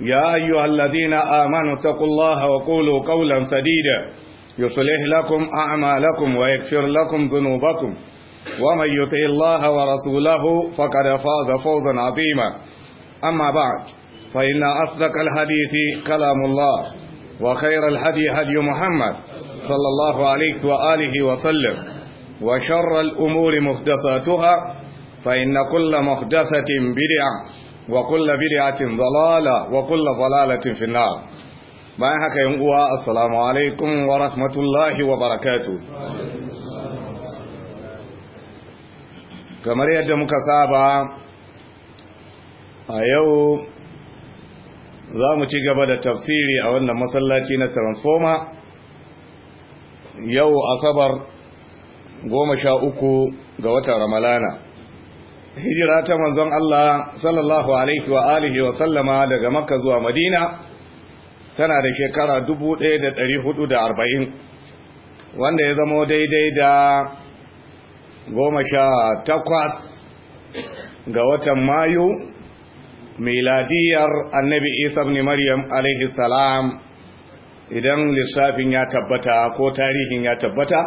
يا أيها الذين آمنوا اتقوا الله وقولوا قولا سديدا يصلح لكم أعمالكم ويكفر لكم ذنوبكم ومن يطع الله ورسوله فقد فاز فوزا عظيما أما بعد فإن أصدق الحديث كلام الله وخير الهدي هدي محمد صلى الله عليه وآله وسلم وشر الأمور محدثاتها فإن كل محدثة بدعة wa kulla bid'atin dalala wa kulla dalalatin fi nar bayan haka yan uwa assalamu alaikum wa rahmatullahi wa kamar yadda muka saba a yau za mu ci gaba da tafsiri a wannan masallaci na transformer yau asabar goma sha uku ga watan ramalana hijira ta manzon Allah sallallahu alaihi wa alihi wa sallama daga Makka zuwa Madina tana da shekara 1440 wanda ya zama daidai da 18 ga watan Mayu miladiyar Annabi Isa ibn Maryam alaihi salam idan lissafin ya tabbata ko tarihin ya tabbata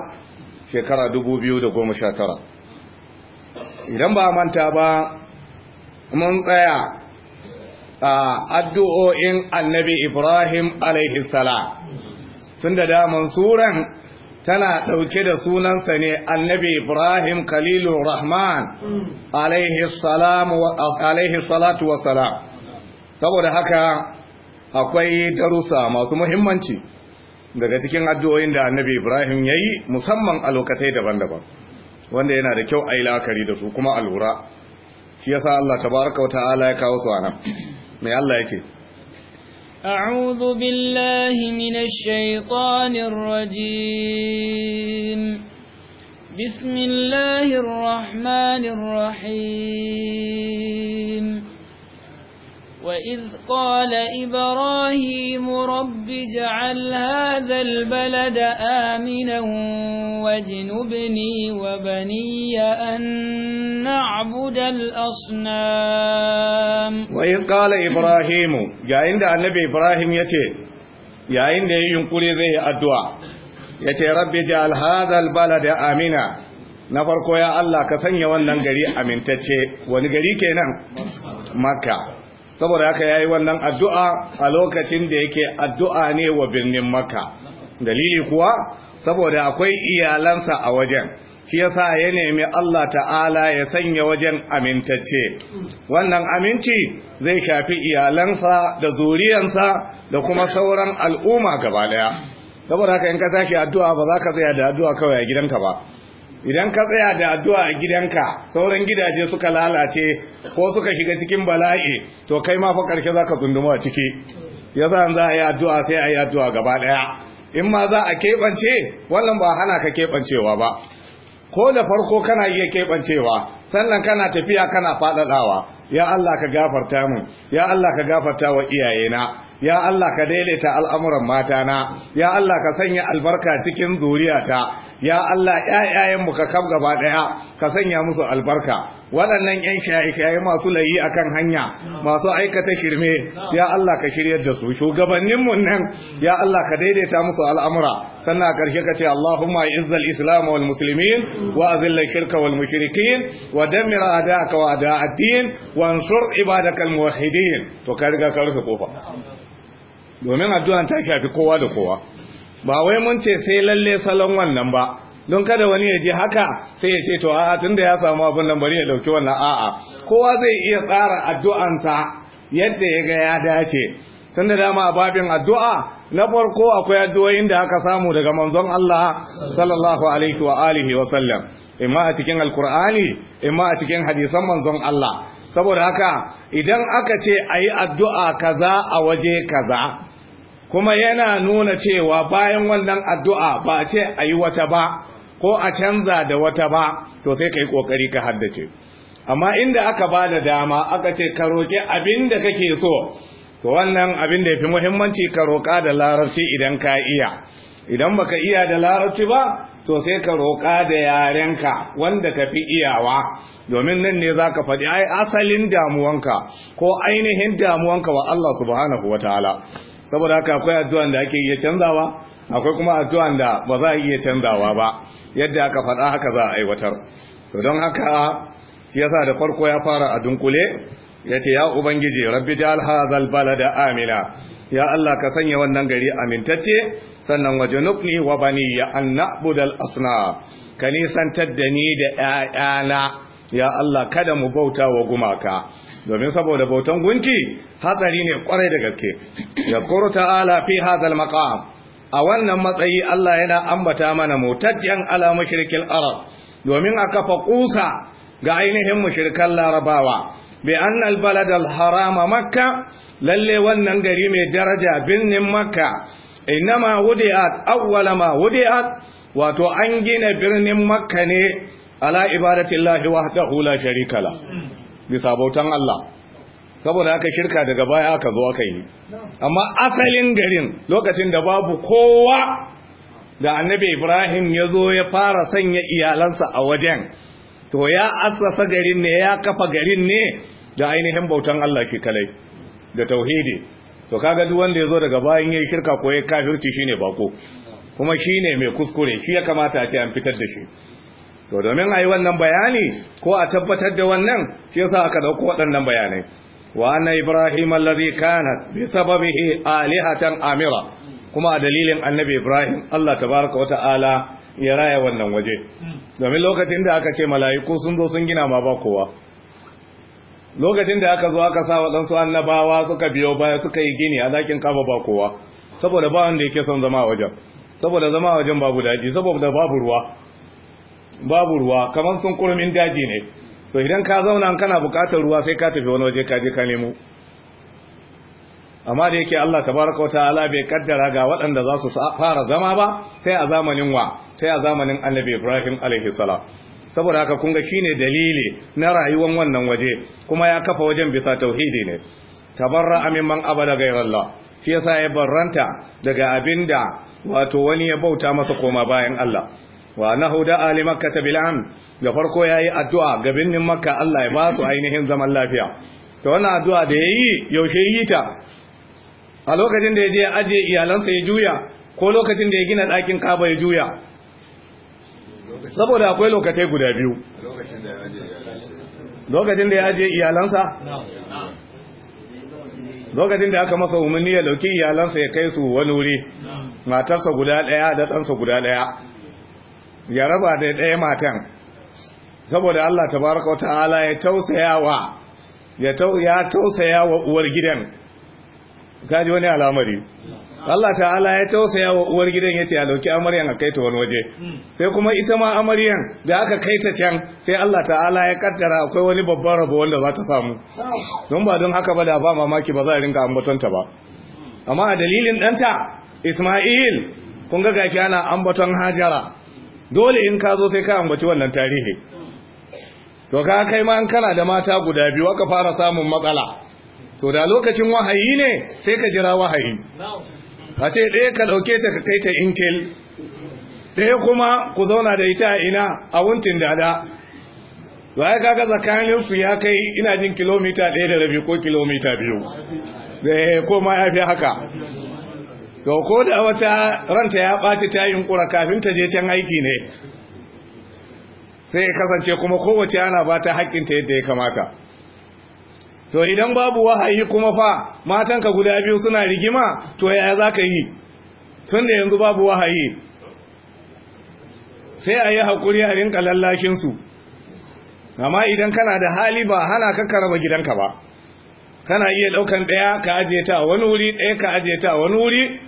shekara 2019 idan ba manta ba mun tsaya a addu'o'in annabi ibrahim alaihissalam tun da daman suran tana ɗauke da sunansa ne annabi ibrahim khalilu rahman alaihissalatu saboda haka akwai darussa masu muhimmanci daga cikin addu'o'in da annabi ibrahim ya yi musamman a lokacin daban-daban wanda yana da kyau a yi la'akari da su kuma a shi yasa Allah tabaraka wa ta'ala ya kawo su nan mai Allah yake أعوذ بالله من الشيطان الرجيم بسم rahmanir rahim. وإذ قال إبراهيم رب جعل هذا البلد آمنا واجنبني وبني أن نعبد الأصنام وإذ قال إبراهيم يا عند النبي إبراهيم يتي يا عند ينقلي ذي الدعاء يتي رب جعل هذا البلد آمنا na farko ya Allah ka sanya wannan gari amintacce wani gari kenan makka saboda haka ya yi wannan addu'a a lokacin da yake addu'a ne wa birnin Makka dalili kuwa saboda akwai iyalansa a wajen shi yasa ya nemi Allah ta'ala ya sanya wajen amintacce wannan aminci zai shafi iyalansa da zuriyansa da kuma sauran al'umma gaba daya saboda haka in ka tashi addu'a ba za ka tsaya da addu'a kawai a gidanka ba idan ka tsaya da addu'a a gidanka sauran gidaje suka lalace ko suka shiga cikin bala'i to kai ma fa karshe zaka tsunduma a ciki yasa za a yi addu'a sai a yi addu'a gaba daya in ma za a keɓance wannan ba hana ka keɓancewa ba ko da farko kana iya keɓancewa sannan kana tafiya kana faɗaɗawa ya Allah ka gafarta min ya Allah ka gafarta wa iyayena ya Allah ka daidaita al'amuran matana ya Allah ka sanya albarka cikin zuriyata ya Allah 'ya'ya'yanmu ka kaf gaba ɗaya ka sanya musu albarka waɗannan 'yan shaye-shaye masu layi akan hanya masu aikata shirme ya Allah ka shiryar da su shugabanninmu nan ya Allah ka daidaita musu al'amura sannan a ƙarshe ka ce Allahumma izzal islam wal muslimin wa azilla shirka wal mushrikin wa dammir a'da'aka wa a'da'ad-din wa ansur ibadakal muwahhidin to ka riga ka rufe kofa domin addu'an ta shafi kowa da kowa ba wai mun ce sai lalle salon wannan ba don kada wani ya je haka sai ya ce to a'a tunda ya samu abin nan bari ya dauki wannan a'a kowa zai iya tsara addu'ansa yadda ya ga ya dace tunda dama babin addu'a na farko akwai addu'o'in da aka samu daga manzon Allah sallallahu alaihi wa alihi wa sallam imma a cikin alkur'ani imma a cikin hadisan manzon Allah saboda haka idan aka ce ayi addu'a kaza a waje kaza kuma yana nuna cewa bayan wannan addu'a ba a ce a yi wata ba ko a canza da wata ba to sai ka yi ƙoƙari ka haddace amma inda aka ba da dama aka ce ka roƙi abin da kake so to wannan abin da ya fi muhimmanci ka roƙa da larabci idan ka iya idan baka iya da larabci ba to sai ka roƙa da yarenka wanda ka fi iyawa domin nan ne za ka faɗi ai asalin damuwanka ko ainihin damuwanka wa Allah subhanahu wa ta'ala saboda haka akwai addu'an da ake iya canzawa akwai kuma addu'an da ba za a iya canzawa ba yadda aka faɗa haka za a aiwatar to don haka shi yasa da farko ya fara a dunkule yace ya ubangiji rabbi ja'al hadzal balada amina ya Allah ka sanya wannan gari amintacce sannan waje nukni wa bani ya an na'budal asna ka nisantar da ni da 'ya'yana ya Allah kada mu bauta wa gumaka domin saboda bautan gunki hatsari ne kwarai da gaske ya kuru ta'ala fi maqam a wannan matsayi Allah yana ambata mana mutaddiyan ala mushrikil arab domin a kafa kusa ga ainihin mushrikan larabawa bi anna al balad al harama makka lalle wannan gari mai daraja birnin makka inma wudi'at awwala ma wudi'at wato an gina birnin makka ne ala ibadatillahi wahdahu la sharika la bisa bautan Allah saboda aka shirka daga baya aka zo aka yi amma asalin garin lokacin da babu kowa da annabi Ibrahim ya zo ya fara sanya iyalansa a wajen to ya asasa garin ne ya kafa garin ne da ainihin bautan Allah shi kalai da tauhidi to kaga duk wanda ya zo daga bayan yayi shirka ko ya kafirci shine bako kuma shine mai kuskure shi ya kamata a ce an fitar da shi to domin a yi wannan bayani ko a tabbatar da wannan shi yasa aka dauko waɗannan bayanai wa anna ibrahim allazi kana bi sababihi alihatan amira kuma a dalilin annabi ibrahim Allah tabaraka wa ta'ala ya raya wannan waje domin lokacin da aka ce mala'iku sun zo sun gina ma ba kowa lokacin da aka zo aka sa waɗansu annabawa suka biyo baya suka yi gini a zakin kaba ba kowa saboda ba wanda yake son zama a wajen saboda zama a wajen babu daji saboda babu ruwa babu ruwa kamar sun kurmin daji ne so idan ka zauna kana bukatar ruwa sai ka tafi wani waje ka je ka nemo amma da yake Allah tabaraka wa ta'ala bai kaddara ga waɗanda za su fara zama ba sai a zamanin wa sai a zamanin Annabi Ibrahim alaihi salam saboda haka kun ga shine dalili na rayuwar wannan waje kuma ya kafa wajen bisa tauhidi ne tabarra man abada ghayrallah shi yasa ya barranta daga abinda wato wani ya bauta masa koma bayan Allah wa annahu Ali Makka ta bil amn da farko yayi addu'a ga binnin makka Allah ya ba su ainihin zaman lafiya to wannan addu'a da yayi yaushe yi ta a lokacin da ya je ajiye iyalansa ya juya ko lokacin da ya gina ɗakin kaba ya juya saboda akwai lokacin guda biyu lokacin da ya ajiye iyalansa lokacin da aka masa umarni ya dauki iyalansa ya kai su wani wuri matarsa guda ɗaya da ɗansa guda ɗaya ya raba da ɗaya matan saboda Allah tabaraka wa ta'ala ya tausayawa ya tausayawa uwar gidan gaji wani al'amari Allah ta'ala ya tausaya wa uwar gidan ya ce a dauki amaryan a kaita ta wani waje sai kuma ita ma amaryan da aka kai ta can sai Allah ta'ala ya kaddara akwai wani babban rabo wanda za ta samu don ba don haka ba da ba mamaki ba za a rinka ambatonta ba amma a dalilin ɗanta Ismail kun ga gafi ana ambaton Hajara dole in ka zo sai ka ambaci wannan tarihi to ka kai ma kana da mata guda biyu aka fara samun matsala to da lokacin wahayi ne sai ka jira wahayi a ce ɗaya ka ɗauke ta ka kai ta inkil ɗaya kuma ku zauna da ita a ina a wuntin dada ka kaga tsakanin su ya kai ina jin kilomita ɗaya da rabi ko kilomita biyu eh, ko ma ya fi haka to ko da wata ranta ya ɓaci ta yunkura kafin ta je can aiki ne sai ya kasance kuma kowace ana ba ta haƙƙinta yadda ya kamata to idan babu wahayi kuma fa matanka guda biyu suna rigima to yaya za ka yi tun da yanzu babu wahayi sai a yi haƙuri a rinka lallashinsu amma idan kana da hali ba hana ka karaba gidanka ba kana iya ɗaukan ɗaya ka ajiye ta wani wuri ɗaya ka ajiye ta wani wuri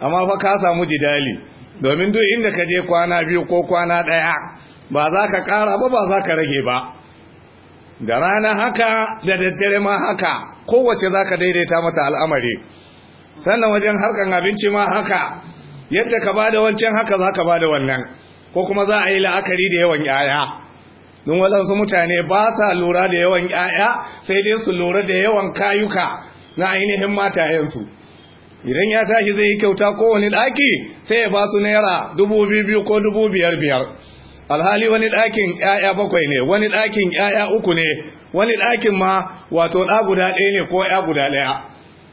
amma fa ka samu jidali domin duk inda ka je kwana biyu ko kwana ɗaya ba za ka ƙara ba ba za ka rage ba da rana haka da daddare ma haka kowace za ka daidaita mata al'amari sannan wajen harkan abinci ma haka yadda ka bada wancan haka za ka bada wannan ko kuma za a yi la'akari da yawan 'ya'ya don waɗansu mutane ba sa lura da yawan 'ya'ya sai dai su lura da yawan kayuka na ainihin matayensu idan ya tashi zai yi kyauta kowane ɗaki sai ya ba su naira dubu biyu ko dubu biyar biyar alhali wani ɗakin ‘ya'ya bakwai ne wani ɗakin ‘ya'ya uku ne wani ɗakin ma wato ɗa guda ɗaya ne ko ‘ya guda ɗaya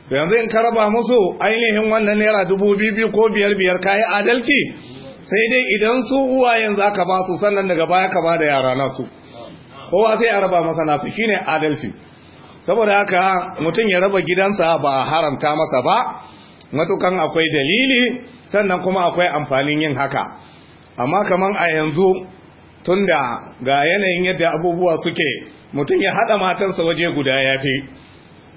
da yanzu in karaba musu ainihin wannan naira dubu biyu ko biyar biyar kayi adalci sai dai idan su uwayen za ka ba su sannan daga baya ka ba da yara nasu kowa sai a raba masa nasu shine adalci saboda haka mutum ya raba gidansa ba haramta masa ba matukan akwai dalili sannan kuma akwai amfanin yin haka amma kamar a yanzu tunda ga yanayin yadda abubuwa suke mutum ya haɗa matansa waje guda ya fi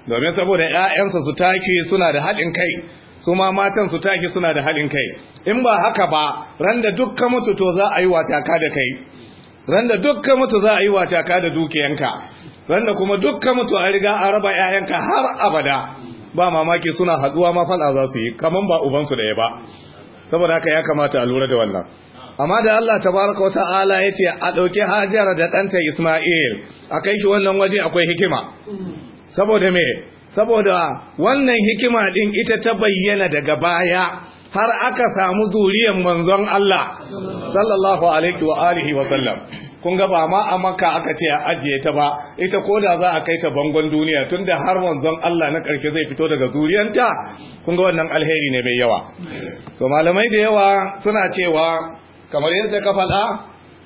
domin saboda 'ya'yansa su taki suna da haɗin kai su ma matan su taki suna da haɗin kai in ba haka ba randa dukkan mutu to za a yi wataka da kai randa dukkan mutu za a yi wataka da dukiyanka wanda kuma dukkan mutu a riga a raba 'ya'yanka har abada ba mamaki suna haduwa ma fada za su yi kaman ba ubansu da ya ba saboda haka ya kamata a lura da wannan amma da Allah Ta tabaraka wa ta'ala ce a ɗauki Hajara da ɗanta Isma'il a kai shi wannan waje akwai hikima saboda me saboda wannan hikima ɗin ita ta bayyana daga baya har aka samu zuriyar manzon Allah sallallahu alaihi wa alihi wa sallam kun ga ba ma a maka aka ce a ajiye ta ba ita ko da za a kai ta bangon duniya tunda har wanzon Allah na karshe zai fito daga zuriyanta kun ga wannan alheri ne mai yawa to malamai da yawa suna cewa kamar yadda ka faɗa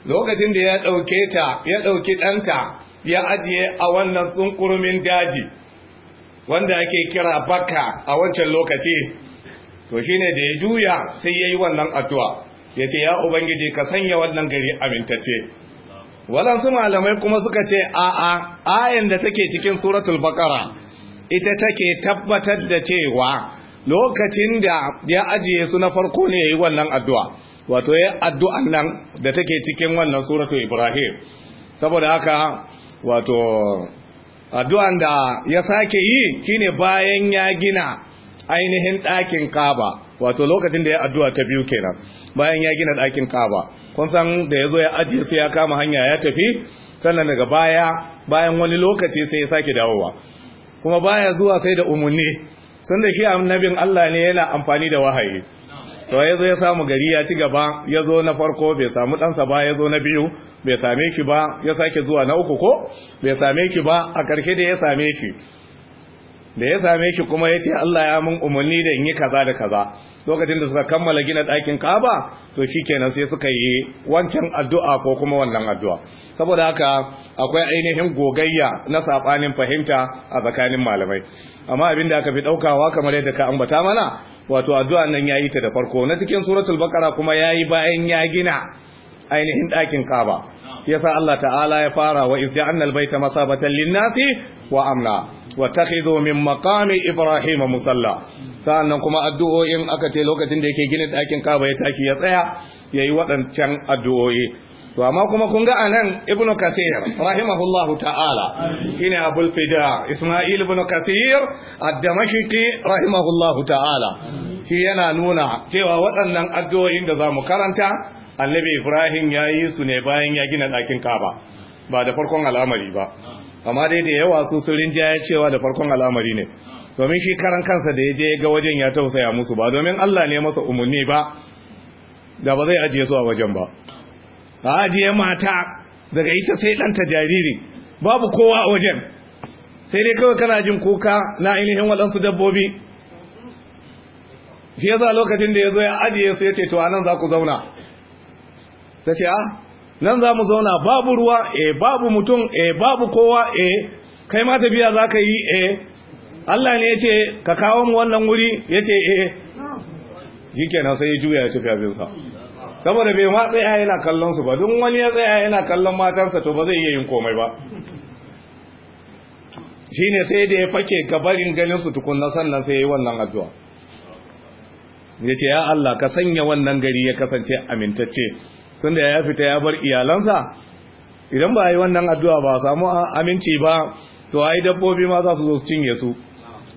lokacin da ya ɗauke ta ya ɗauki ɗanta ya ajiye a wannan tsunkurumin daji wanda ake kira baka a wancan lokaci to shine da ya juya sai ya yi wannan addu'a ya ce ya ubangiji ka sanya wannan gari amintacce waɗansu malamai kuma suka ce a'a ayan da take cikin suratul bakara ita take tabbatar da cewa lokacin da ya ajiye su na farko ne yayi wannan addu'a wato ya addu'an nan da take cikin wannan suratul ibrahim saboda haka wato addu'an da ya sake yi shine bayan ya gina ainihin ɗakin kaba wato lokacin da ya addu'a ta biyu kenan bayan ya gina ɗakin kaba kun san da ya zo ya ajiye sai ya kama hanya ya tafi sannan daga baya bayan wani lokaci sai ya sake dawowa kuma baya zuwa sai da umarni sun da shi annabin Allah ne yana amfani da wahayi to ya ya samu gari ya ci gaba ya zo na farko bai samu ɗansa ba ya zo na biyu bai same shi ba ya sake zuwa na uku ko bai same shi ba a ƙarshe da ya same shi da ya same shi kuma ya ce Allah ya mun umarni da in yi kaza da kaza lokacin da suka kammala gina ɗakin kaba to shi kenan sai suka yi wancan addu'a ko kuma wannan addu'a saboda haka akwai ainihin gogayya na saɓanin fahimta a tsakanin malamai amma abin da aka fi ɗaukawa kamar yadda ka ambata mana wato addu'a nan ya yi ta da farko na cikin suratul bakara kuma ya yi bayan ya gina ainihin ɗakin kaba yasa Allah ta'ala ya fara wa iz ja'alna al-baita masabatan lin-nasi wa amna واتخذوا من مقام ibrahim musalla sannan kuma addu'o'in aka ce lokacin da yake gina dakin kaba ya taki ya tsaya yayi waɗancan addu'o'i to amma kuma kun ga anan ibn kathir rahimahullahu ta'ala shine abul fida isma'il ibn kathir ad-damashqi rahimahullahu ta'ala shi yana nuna cewa waɗannan addu'o'in da zamu karanta annabi ibrahim yayi su ne bayan ya gina ɗakin kaba ba da farkon al'amari ba amma dai da yawa su sun rinjaya cewa da farkon al'amari ne domin shi karan kansa da ya je ga wajen ya tausaya musu ba domin Allah ne masa umarni ba da ba zai ajiye su a wajen ba a ajiye mata daga ita sai ta jariri babu kowa a wajen sai dai kawai kana jin kuka na ainihin waɗansu dabbobi shi yasa lokacin da ya zo ya ajiye su ya ce to anan za ku zauna ta ce a ah, nan za mu zauna babu ruwa eh babu mutum eh babu kowa eh kai ma tafiya za ka yi eh Allah ne ya ce ka kawo mu wannan wuri ya ce eh shi kenan sai ya juya ya tafi abinsa saboda bai ma tsaya yana kallon su ba don wani ya tsaya yana kallon matansa to ba zai iya yin komai ba shine sai da ya fake gabarin ganin su tukunna sannan sai ya yi wannan addu'a ya ce ya Allah ka sanya wannan gari ya kasance amintacce Sun da ya fita ya bar iyalansa idan ba yi wannan addu'a ba samu aminci ba to ai dabbobi ma za su zo su cinye su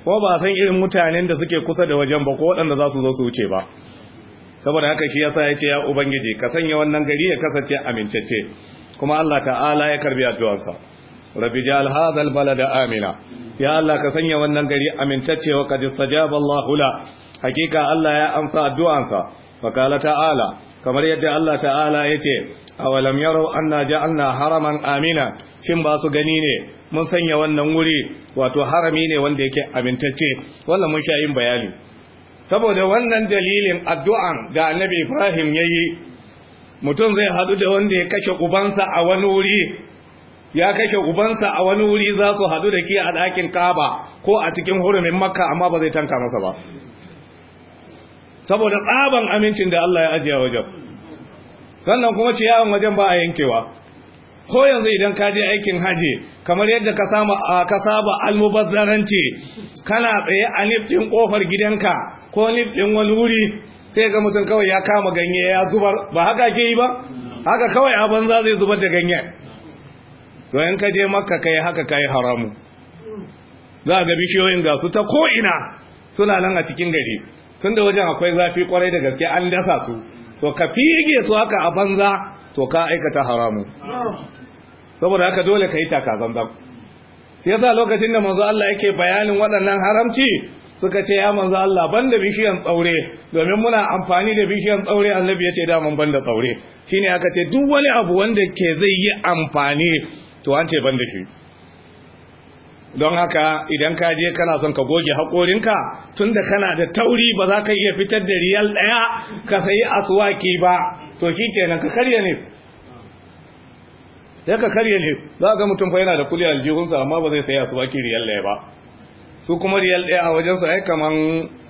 ko ba san irin mutanen da suke kusa da wajen ba ko waɗanda za su zo su wuce ba saboda haka shi yasa ya ce ya ubangiji ka sanya wannan gari ya kasance amincacce kuma Allah ta'ala ya karbi addu'arsa rabbi ja'al Bala da amina ya Allah ka sanya wannan gari amintacce wa qad sajaba hakika Allah ya amsa addu'ansa wa qala ta'ala kamar yadda Allah ta'ala ya ce awalam yaro anna ja'alna haraman amina shin ba su gani ne mun sanya wannan wuri wato harami ne wanda yake amintacce wannan mun sha yin bayani saboda wannan dalilin addu'an da annabi Ibrahim yayi mutum zai hadu da wanda ya kashe ubansa a wani wuri ya kashe ubansa a wani wuri za su hadu da ke a ɗakin kaba ko a cikin hurumin makka amma ba zai tanka masa ba saboda tsaban amincin da Allah ya ajiye wajen sannan kuma yawon wajen ba a yankewa ko yanzu idan ka je aikin haji kamar yadda ka samu ka saba almubazzaranci kana tsaye a nif kofar gidanka ko nif wani wuri sai ga mutum kawai ya kama ganye ya zubar ba haka ke yi ba haka kawai a banza zai zubar da ganye. to yan ka je makka kai haka kai haramu za ga bishiyoyin ga su ta ko ina suna nan a cikin gari tun da wajen akwai zafi kwarai da gaske an dasa su to ka fige su haka a banza to ka aikata haramu saboda haka dole ka yi takazanzan sai yasa lokacin da manzo Allah yake bayanin waɗannan haramci suka ce ya manzo Allah banda bishiyan tsaure domin muna amfani da bishiyan tsaure annabi ya ce daman banda tsaure shine aka ce duk wani abu wanda ke zai yi amfani to an ce banda shi don haka idan ka je kana son ka goge haƙorinka tunda kana da tauri ba za ka iya fitar da riyal ɗaya ka sayi asuwaki ba to shi kenan ka karya ne sai ka karya ne za ga mutum fa yana da kuli aljihunsa amma ba zai sayi asuwaki riyal ɗaya ba su kuma riyal ɗaya a wajensu ai kaman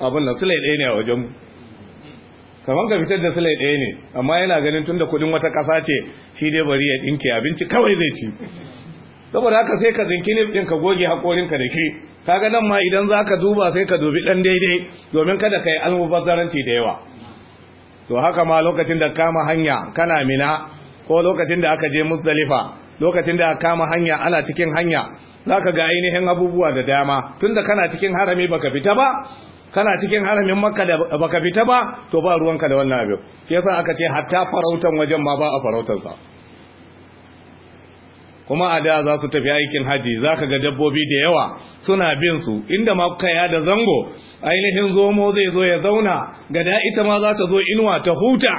abin nan sulai ɗaya ne a mu. kaman ka fitar da sulai ɗaya ne amma yana ganin tun da wata ƙasa ce shi dai bari ya ɗinke abinci kawai zai ci saboda haka sai ka zinki ɗin, ka goge hakorinka da shi kaga nan ma idan za ka duba sai ka dubi ɗan daidai domin kada ka yi almubazzaranci da yawa to haka ma lokacin da kama hanya kana mina ko lokacin da aka je Muzalifa, lokacin da aka kama hanya ana cikin hanya za ka ga ainihin abubuwa da dama tunda kana cikin harami baka fita ba kana cikin haramin makka da baka fita ba to ba ruwanka da wannan abin shi yasa aka ce hatta farautan wajen ma ba a farautansa kuma a da za su tafi aikin haji za ka ga dabbobi da yawa suna bin su inda ma kaya da zango ainihin zomo zai zo ya zauna gada ita ma za ta zo inuwa ta huta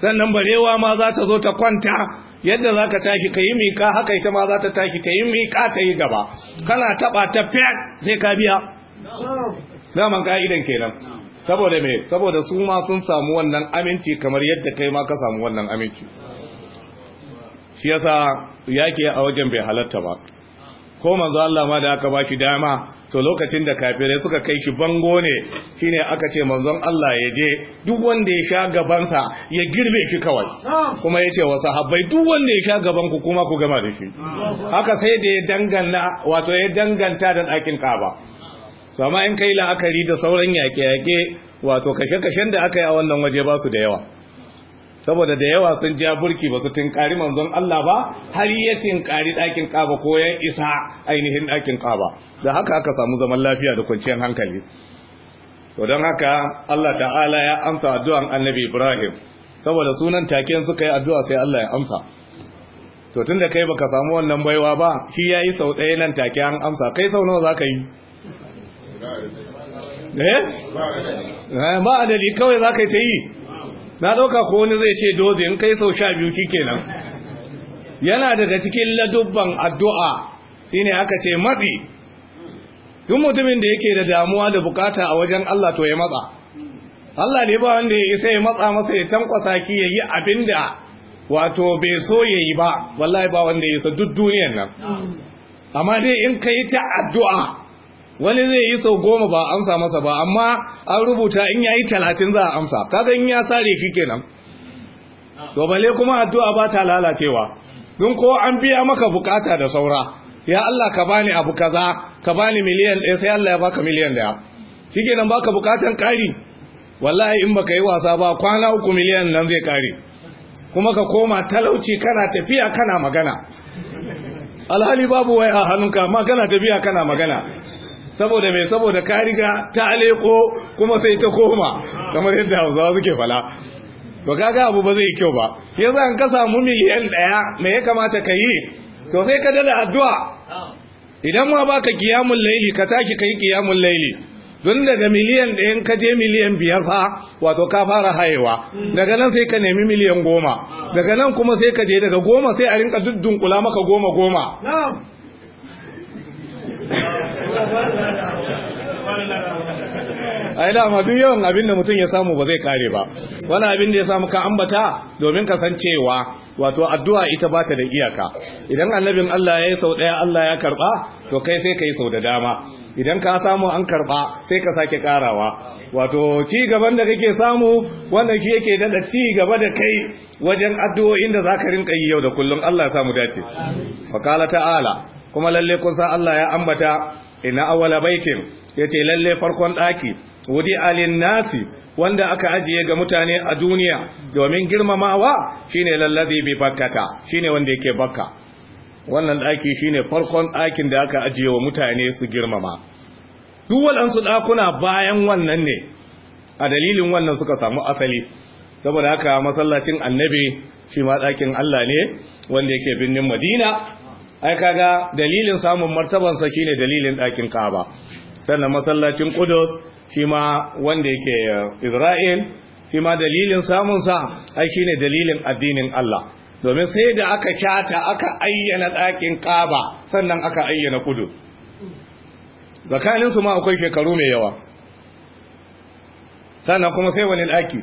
sannan barewa ma za ta zo ta kwanta yadda za ka tashi ka yi miƙa haka ita ma za ta tashi ta yi miƙa ta yi gaba kana taɓa ta fiyan sai ka biya zaman ka'idan kenan saboda me saboda su ma sun samu wannan aminci kamar yadda kai ma ka samu wannan aminci shi yasa yaki a wajen bai halatta ba ko manzo Allah ma da aka bashi dama to lokacin da kafirai suka kai shi bango ne shine aka ce manzon Allah ya je duk wanda ya sha gabansa ya girbe shi kawai kuma yace ce wa sahabbai duk wanda ya sha gaban ku kuma ku gama da shi haka sai da ya dangana wato ya danganta da ɗakin kaba to amma in kai la'akari da sauran yake-yake, wato kashe-kashen da aka yi a wannan waje ba su da yawa saboda da yawa sun ja burki ba su tinkari manzon Allah ba har ya tinkari ɗakin kaba ko ya isa ainihin ɗakin kaba da haka aka samu zaman lafiya da kwanciyar hankali to don haka Allah ta'ala ya amsa addu'an annabi Ibrahim saboda sunan taken suka yi addu'a sai Allah ya amsa to tunda kai baka samu wannan baiwa ba shi yayi sau ɗaya nan take an amsa kai sau nawa zaka yi eh, eh ba adali kawai zaka yi ta yi na ɗauka ko wani zai ce doze in kai sau sha biyu kenan yana daga cikin ladubban addu'a shine aka ce matsi tun mutumin da yake da damuwa da bukata a wajen Allah to ya matsa Allah ne ba wanda ya isa ya matsa masa ya tankwasa ki ya yi abin da wato bai so ya yi ba wallahi ba wanda ya isa duk duniyan nan amma dai in ka ta addu'a wani zai yi sau goma ba amsa masa ba amma an rubuta in ya yi talatin za a amsa kaga in ya sare shi kenan to bale kuma addu'a ba ta lalacewa don ko an biya maka bukata da saura ya Allah ka bani abu kaza ka bani miliyan ɗaya sai Allah ya baka miliyan ɗaya shi kenan baka bukatan ƙari wallahi in baka yi wasa ba kwana uku miliyan nan zai ƙare kuma ka koma talauci kana tafiya kana magana alhali babu wai a hannunka magana tafiya kana magana saboda mai saboda ka riga ta aleko kuma sai ta koma kamar yadda hausawa suke fala ba kaga abu ba zai kyau ba yanzu an ka samu miliyan ɗaya me ya kamata ka yi to sai ka dada addu'a idan ma baka kiyamun laili ka tashi kai kiyamun laili don daga miliyan ɗayan ka je miliyan biyar fa wato ka fara hayewa daga nan sai ka nemi miliyan goma daga nan kuma sai ka je daga goma sai a rinka duddun kula maka goma goma ai dama duk yawan abin da mutum ya samu ba zai kare ba wani abin da ya samu ka ambata domin ka san cewa wato addu'a ita ba ta da iyaka idan annabin Allah ya yi sau ɗaya Allah ya karɓa to kai sai ka yi sau da dama idan ka samu an karɓa sai ka sake karawa wato ci gaban da kake samu wannan shi yake daɗa ci gaba da kai wajen addu'o'in da za ka rinka yi yau da kullum Allah ya samu dace. Fakala ta'ala kuma lalle kun san Allah ya ambata ina awwala baitin yace lalle farkon daki wudi alin nasi wanda aka ajiye ga mutane a duniya domin girmamawa shine lalladhi bi bakkata shine wanda yake bakka wannan daki shine farkon dakin da aka ajiye wa mutane su girmama duk ɗakuna dakuna bayan wannan ne a dalilin wannan suka samu asali saboda haka masallacin annabi shi ma dakin Allah ne wanda yake binnin Madina ai kaga dalilin samun sa shine dalilin ɗakin Ka'aba sannan masallacin Qudus shi ma wanda yake Isra'il shi ma dalilin sa ai shine dalilin addinin Allah domin sai da aka kyata aka ayyana ɗakin Ka'aba sannan aka ayyana Qudus zakaninsu ma akwai shekaru mai yawa sannan kuma sai wani ɗaki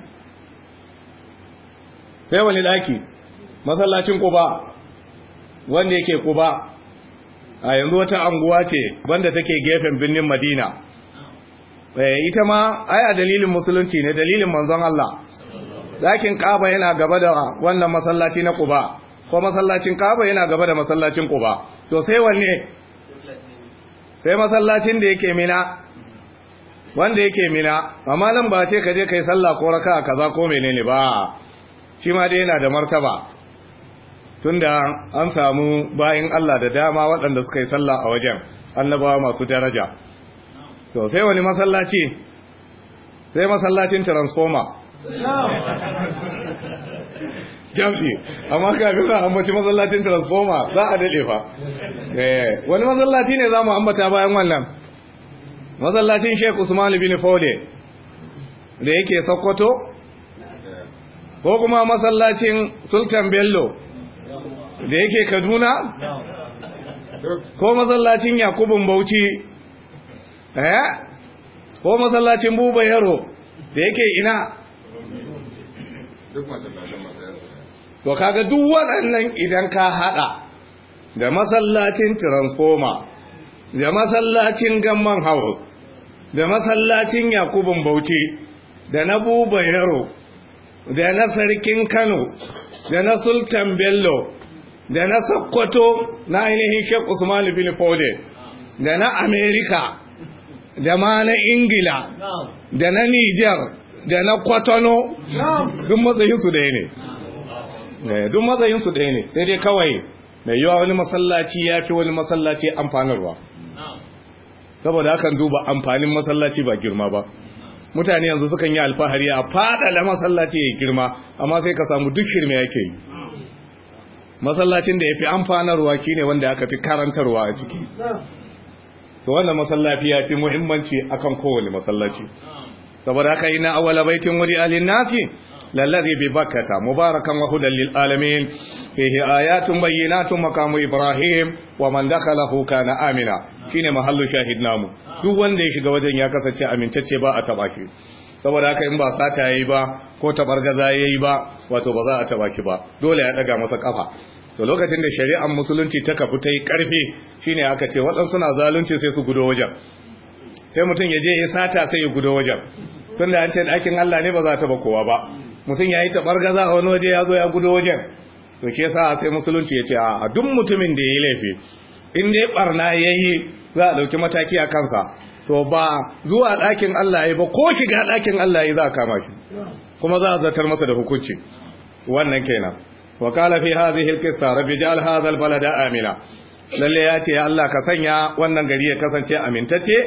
sai wani ɗaki masallacin Quba wanda yake kuba a yanzu wata anguwa ce wanda take gefen birnin madina eh, ita ma ai a dalilin musulunci ne dalilin manzon Allah dakin kaba yana gaba da wannan masallaci na kuba ko masallacin kaba yana gaba da masallacin kuba to sai wanne sai masallacin da yake mina wanda yake mina amma nan ba ce ka je kai sallah ko raka kaza ko menene ba shi ma dai yana da martaba tunda an samu bayin Allah da dama waɗanda suka yi sallah a wajen annabawa masu daraja to sai wani masallaci sai masallacin transformer jamfi amma kafin za a ambaci masallacin transformer za a daɗe fa eh, wani masallaci ne za mu ambata bayan wannan masallacin sheik usman bin Faude da yake sokoto ko kuma masallacin sultan bello da yake kaduna ko masallacin yakubun bauchi eh ko masallacin buba yaro da yake ina to kaga duk waɗannan idan ka haɗa da masallacin transformer da masallacin gamman house da masallacin yakubun bauchi da na buba yaro da na sarkin kano da na sultan bello da na sakkwato na ainihin shek usman bin faude da na amerika da ma na ingila da na niger da na kwatano duk matsayinsu ɗaya ne eh, duk matsayinsu ɗaya ne sai dai kawai mai yiwa wani masallaci ya fi wani masallaci amfanarwa saboda hakan duba amfanin masallaci ba girma ba mutane yanzu sukan yi alfahari a da masallaci ya girma amma sai ka samu duk shirme yake yi masallacin da ya fi amfanarwa ki ne wanda aka fi karantarwa a ciki to wannan masallaci ya fi muhimmanci akan kowane masallaci saboda haka ina awwala baitin wuri alin nasi lallazi bi bakkata mubarakan wa hudan lil alamin fihi ayatun bayyinatun maqamu ibrahim wa man dakhalahu kana amina shine mahallu shahid namu duk wanda ya shiga wajen ya kasance amintacce ba a taba shi saboda haka in ba sata yayi ba ko tabargaza yayi ba wato ba za a taba ki ba dole ya daga masa kafa to lokacin da shari'ar musulunci ta kafu ta yi karfi shine aka ce waɗansu suna zalunci sai su gudo wajen sai mutum ya je ya sata sai ya gudo wajen tun da an ce ɗakin Allah ne ba za ta ba kowa ba mutum ya yi gaza a wani waje ya zo ya gudo wajen to ke sa sai musulunci ya ce a duk mutumin da ya yi laifi in dai barna ya yi za a ɗauki mataki a kansa to ba zuwa ɗakin Allah ya ba ko shiga ɗakin Allah ya za a kama shi kuma za a zartar masa da hukunci wannan kenan wa kala fi hadhihi alqissa rabbi ja'al hadha albalada amina lalle ya ce Allah ka sanya wannan gari ya kasance amintacce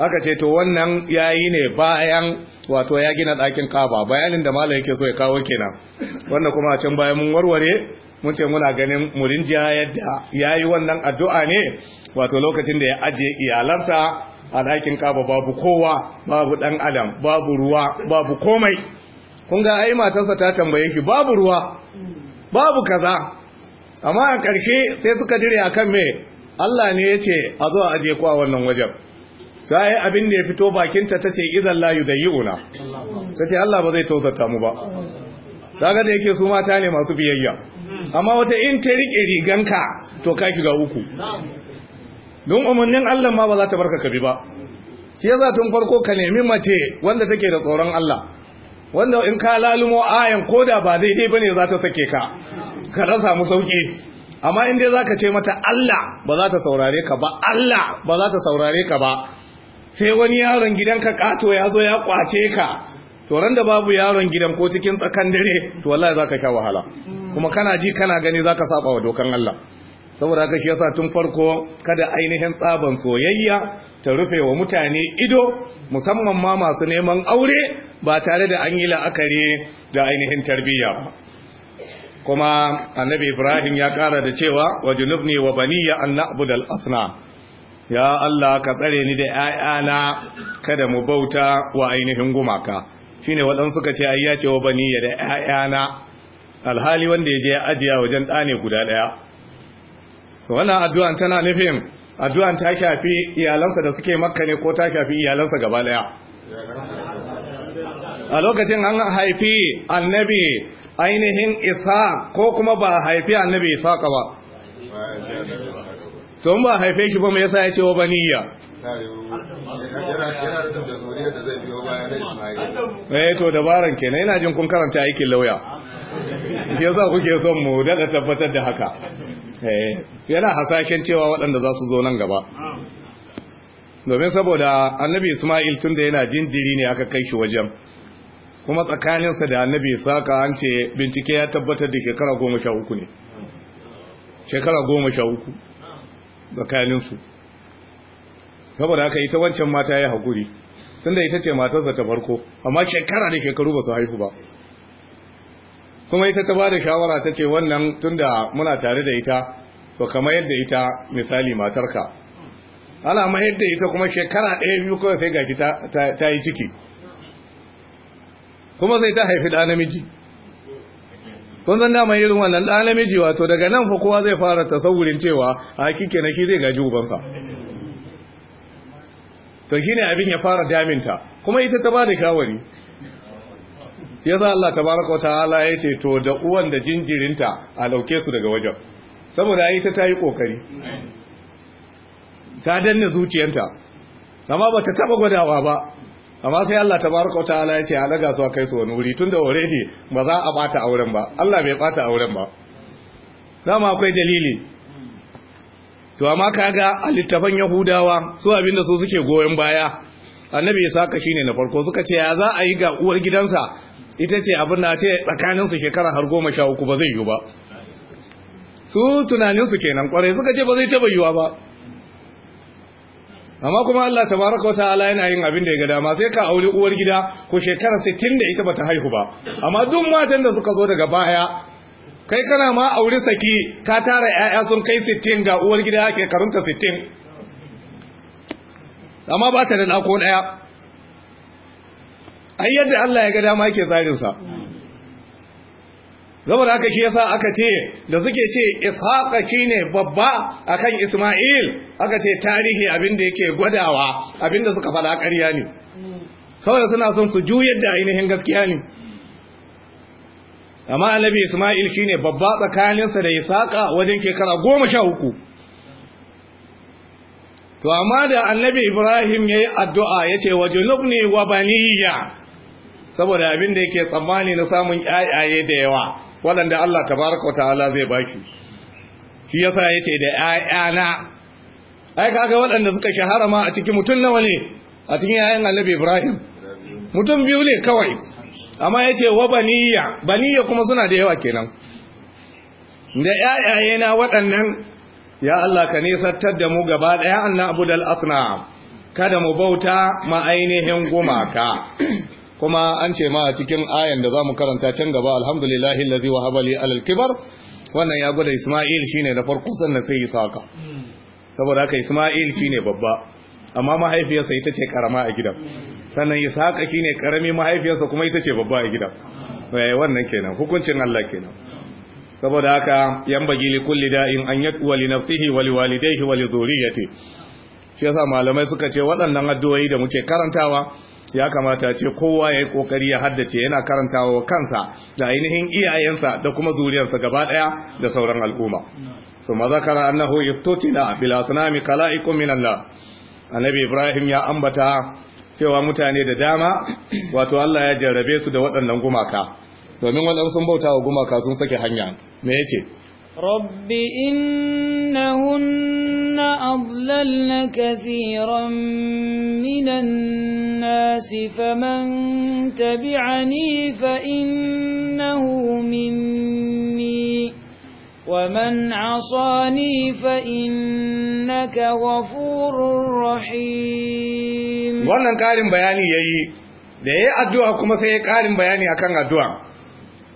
aka ce to wannan yayi ne bayan wato ya gina ɗakin kaba bayanin da malai yake so ya kawo kenan Wannan kuma a can bayan mun warware mun ce muna ganin murinjiya yadda yayi wannan addu'a ne wato lokacin da ya ajiye iyalansa a ɗakin kaba babu kowa babu ɗan adam babu ruwa babu komai kun ga ai matansa ta tambaye shi babu ruwa babu kaza amma a ƙarshe sai suka dire akan me Allah ne yace a zo a je kwa wannan wajen sai abin da ya fito bakinta tace idan la yudayyuna tace Allah ba zai tausata mu ba kaga da yake su mata ne masu biyayya amma wata in ta rike riganka to ka shiga uku don umarnin Allah ma ba za ta barka ka bi ba shi yasa tun farko ka nemi mace wanda take da tsoron Allah wanda in ka lalumo ayan koda ba daidai bane za ta sake ka ka rasa mu sauki amma in dai zaka ce mata Allah ba za ta saurare ka ba Allah ba za ta saurare ka ba sai wani yaron gidanka kato ya zo ya kwace ka to ran da babu yaron gidan ko cikin tsakan dare to wallahi zaka sha wahala kuma kana ji kana gani zaka saba wa dokan Allah saboda haka shi yasa tun farko kada ainihin tsaban soyayya ta rufe wa mutane ido musamman ma masu neman aure ba tare da an yi la'akari da ainihin tarbiyya ba kuma annabi ibrahim ya kara da cewa wa junubni wa baniya an na'budu al asna ya allah ka tsare ni da 'ya'yana kada mu bauta wa ainihin gumaka shine wadan suka ce ayya ya ce wa baniya da 'ya'yana alhali wanda ya je ya ajiya wajen ɗane guda ɗaya wannan addu'an tana nufin addu'an ta shafi iyalansa da suke makka ne ko ta shafi iyalansa gaba ɗaya a lokacin an haifi annabi ainihin isa ko kuma ba haifi annabi isa ka ba to ba haife shi ba mai yasa ya ce wa baniya eh to dabaran kenan yana jin kun karanta aikin lauya shi kuke son mu daga tabbatar da haka eh, yana hasashen cewa waɗanda za su zo nan gaba domin saboda annabi ismail tun da yana jinjiri ne aka kai shi wajen kuma tsakaninsa da annabi saka an ce bincike ya tabbatar da shekara goma sha uku ne shekara goma sha uku tsakaninsu saboda haka ita wancan mata ya haƙuri tunda ita ce matarsa ta farko amma shekara da shekaru ba su haihu ba kuma ita ta ba da shawara ta ce wannan tunda muna tare da ita to kama yadda ita misali matarka ana mayar da ita kuma shekara ɗaya biyu kawai sai ga ta yi ciki kuma zai ta haifi ɗa namiji kun san dama irin wannan ɗa namiji wato daga nan fa kowa zai fara tasawurin cewa a kike na ki zai gaji ubansa to shine abin ya fara daminta kuma ita ta bada kawari ya za Allah tabaraka wa ta'ala ya ce to da uwan da jinjirinta a lauke su daga wajen saboda ita ta yi kokari ta danne zuciyarta amma ba ta taba gwadawa ba amma sai Allah ta ta ta'ala ya ce a daga su kai su wani wuri tun da already ba za a bata auren ba Allah bai bata auren ba dama akwai dalili to amma kaga a littafan yahudawa su abinda su suke goyon baya annabi ya saka shine na farko suka ce ya za a yi ga uwar gidansa ita ce abin da ce tsakanin su shekara har goma sha uku ba zai yi ba su tunanin su kenan kwarai suka ce ba zai taba yiwa ba amma kuma Allah tabaraka wa ta'ala yana yin abin da ya ga dama sai ka aure uwar gida ko shekara 60 da ita bata haihu ba amma duk matan da suka zo daga baya kai kana ma aure saki ka tara yaya sun kai sittin ga uwar gida ke karunta 60 amma ba ta da dako daya ai yadda Allah ya ga dama yake zarinsa. sa saboda haka shi yasa aka ce da suke ce ishaqa shine babba akan isma'il aka ce tarihi abinda yake gwadawa abinda suka fada ƙarya ne saboda suna son su juyar da ainihin gaskiya ne amma annabi isma'il shine babba tsakaninsa da ishaqa wajen shekara goma sha uku to amma da annabi ibrahim ya yi addu'a ya ce wajulubni wa baniya saboda abin da yake tsammani na samun yayaye da yawa waɗanda Allah tabaraka wa ta'ala zai baki shi yasa yace da 'ya'yana, ai kaga waɗanda suka shahara ma a cikin mutum nawa ne a cikin yayin Annabi Ibrahim mutum biyu ne kawai amma yace wa baniya baniya kuma suna da yawa kenan da 'ya'yayena waɗannan ya Allah ka nisantar da mu gaba ɗaya abu dal asna kada mu bauta ma gumaka kuma an ce ma a cikin ayan da za mu karanta can gaba alhamdulillahi allazi wa li alal kibar wannan ya gwada Isma'il shine da farko sannan sai Isaka saboda haka Isma'il shine babba amma mahaifiyarsa ita ce karama a gidan sannan Isaka shine karami mahaifiyarsa kuma ita ce babba a gidan eh wannan kenan hukuncin Allah kenan saboda haka yan li kulli da'in an yadwa li nafsihi wa li walidayhi wa li zurriyyati shi yasa malamai suka ce waɗannan addu'o'i da muke karantawa ya kamata ce kowa ya yi kokari ya haddace yana karantawa kansa da ainihin iyayensa da kuma zuriyarsa gaba daya da sauran al'umma ثم ذكر annahu يفتتن bil kala خلائق min Allah annabi Ibrahim ya ambata cewa mutane da dama wato Allah ya jarrabe su da waɗannan gumaka domin wannan sun bauta wa gumaka sun sake hanya me yake رب إنهن أضللن كثيرا من الناس فمن تبعني فإنه مني ومن عصاني فإنك غفور رحيم wannan ƙarin bayani yayi da yayi addu'a kuma sai ƙarin bayani akan addu'a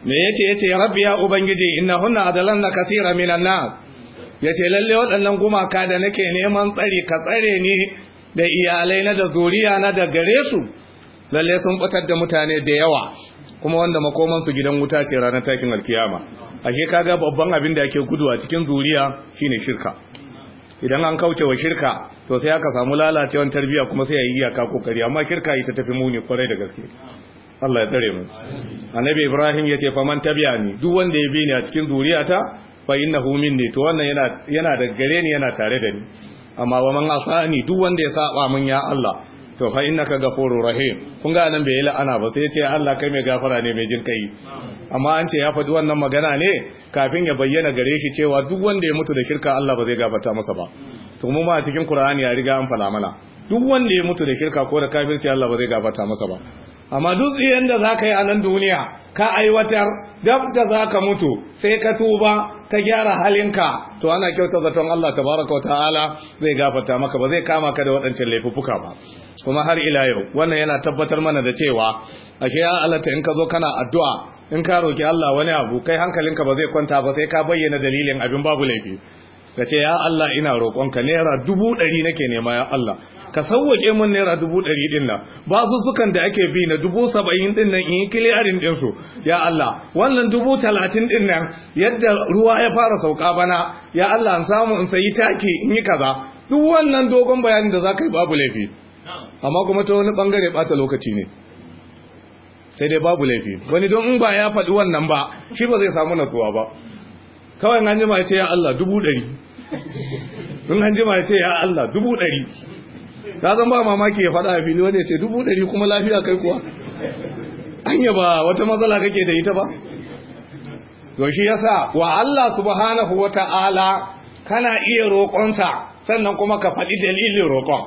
me yace yace rabbi ya ubangiji hunna adalanna kaseera minan nar yace lalle waɗannan gumaka da nake neman tsari ka tsare ni da iyalai na da zuriya na da gare su lalle sun fitar da mutane da yawa kuma wanda makoman su gidan wuta ce ranar takin alkiyama ashe kaga babban abin da ake gudu a cikin zuriya shine shirka idan an kauce wa shirka to sai aka samu lalacewar tarbiyya kuma sai ya yi iyaka kokari amma shirka ita tafi muni kwarai da gaske Allah ya tsare mu annabi ibrahim yace faman tabi'ani duk wanda ya bi ni a cikin zuriyata fa innahu minni to wannan yana yana da gare ni yana tare da ni amma wa man asani duk wanda ya saba min ya Allah to fa innaka ghafurur rahim kun ga nan bai yi la'ana ba sai ya ce Allah kai mai gafara ne mai jinkai amma an ce ya faɗi wannan magana ne kafin ya bayyana gare shi cewa duk wanda ya mutu da shirka Allah ba zai gafarta masa ba to mu ma a cikin Qur'ani ya riga an fala mana duk wanda ya mutu da shirka ko da kafirci Allah ba zai gafarta masa ba amma duk yadda za ka yi a nan duniya ka aiwatar dab da za ka mutu sai ka tuba ka gyara halinka to ana kyauta zaton Allah tabaraka ta'ala zai gafata maka ba zai kama ka da waɗancan laifuffuka ba kuma har ila yau wannan yana tabbatar mana da cewa ashe ya alata in ka zo kana addu'a in ka roki Allah wani abu kai hankalinka ba zai kwanta ba sai ka bayyana dalilin abin babu laifi ka ce ya Allah ina roƙonka naira dubu ɗari nake nema ya Allah ka sauwaƙe mun naira dubu ɗari ɗin nan ba su sukan da ake bi na dubu saba'in ɗin nan in yi kiliyarin ɗinsu ya Allah wannan dubu talatin ɗin nan yadda ruwa ya fara sauka bana ya Allah an samu in sayi taki in yi kaza duk wannan dogon bayanin da za ka yi babu laifi amma kuma ta wani ɓangare bata lokaci ne sai dai babu laifi wani don in ba ya faɗi wannan ba shi ba zai samu natsuwa ba kawai an jima ya ce ya Allah dubu ɗari in hanjima ya ce ya Allah dubu ɗari ta zan ba mamaki ya faɗa a fili wani ya ce dubu ɗari kuma lafiya kai kuwa anya ba wata matsala kake da ita ba to shi yasa wa Allah subhanahu ta'ala kana iya roƙonsa sannan kuma ka faɗi dalilin roƙon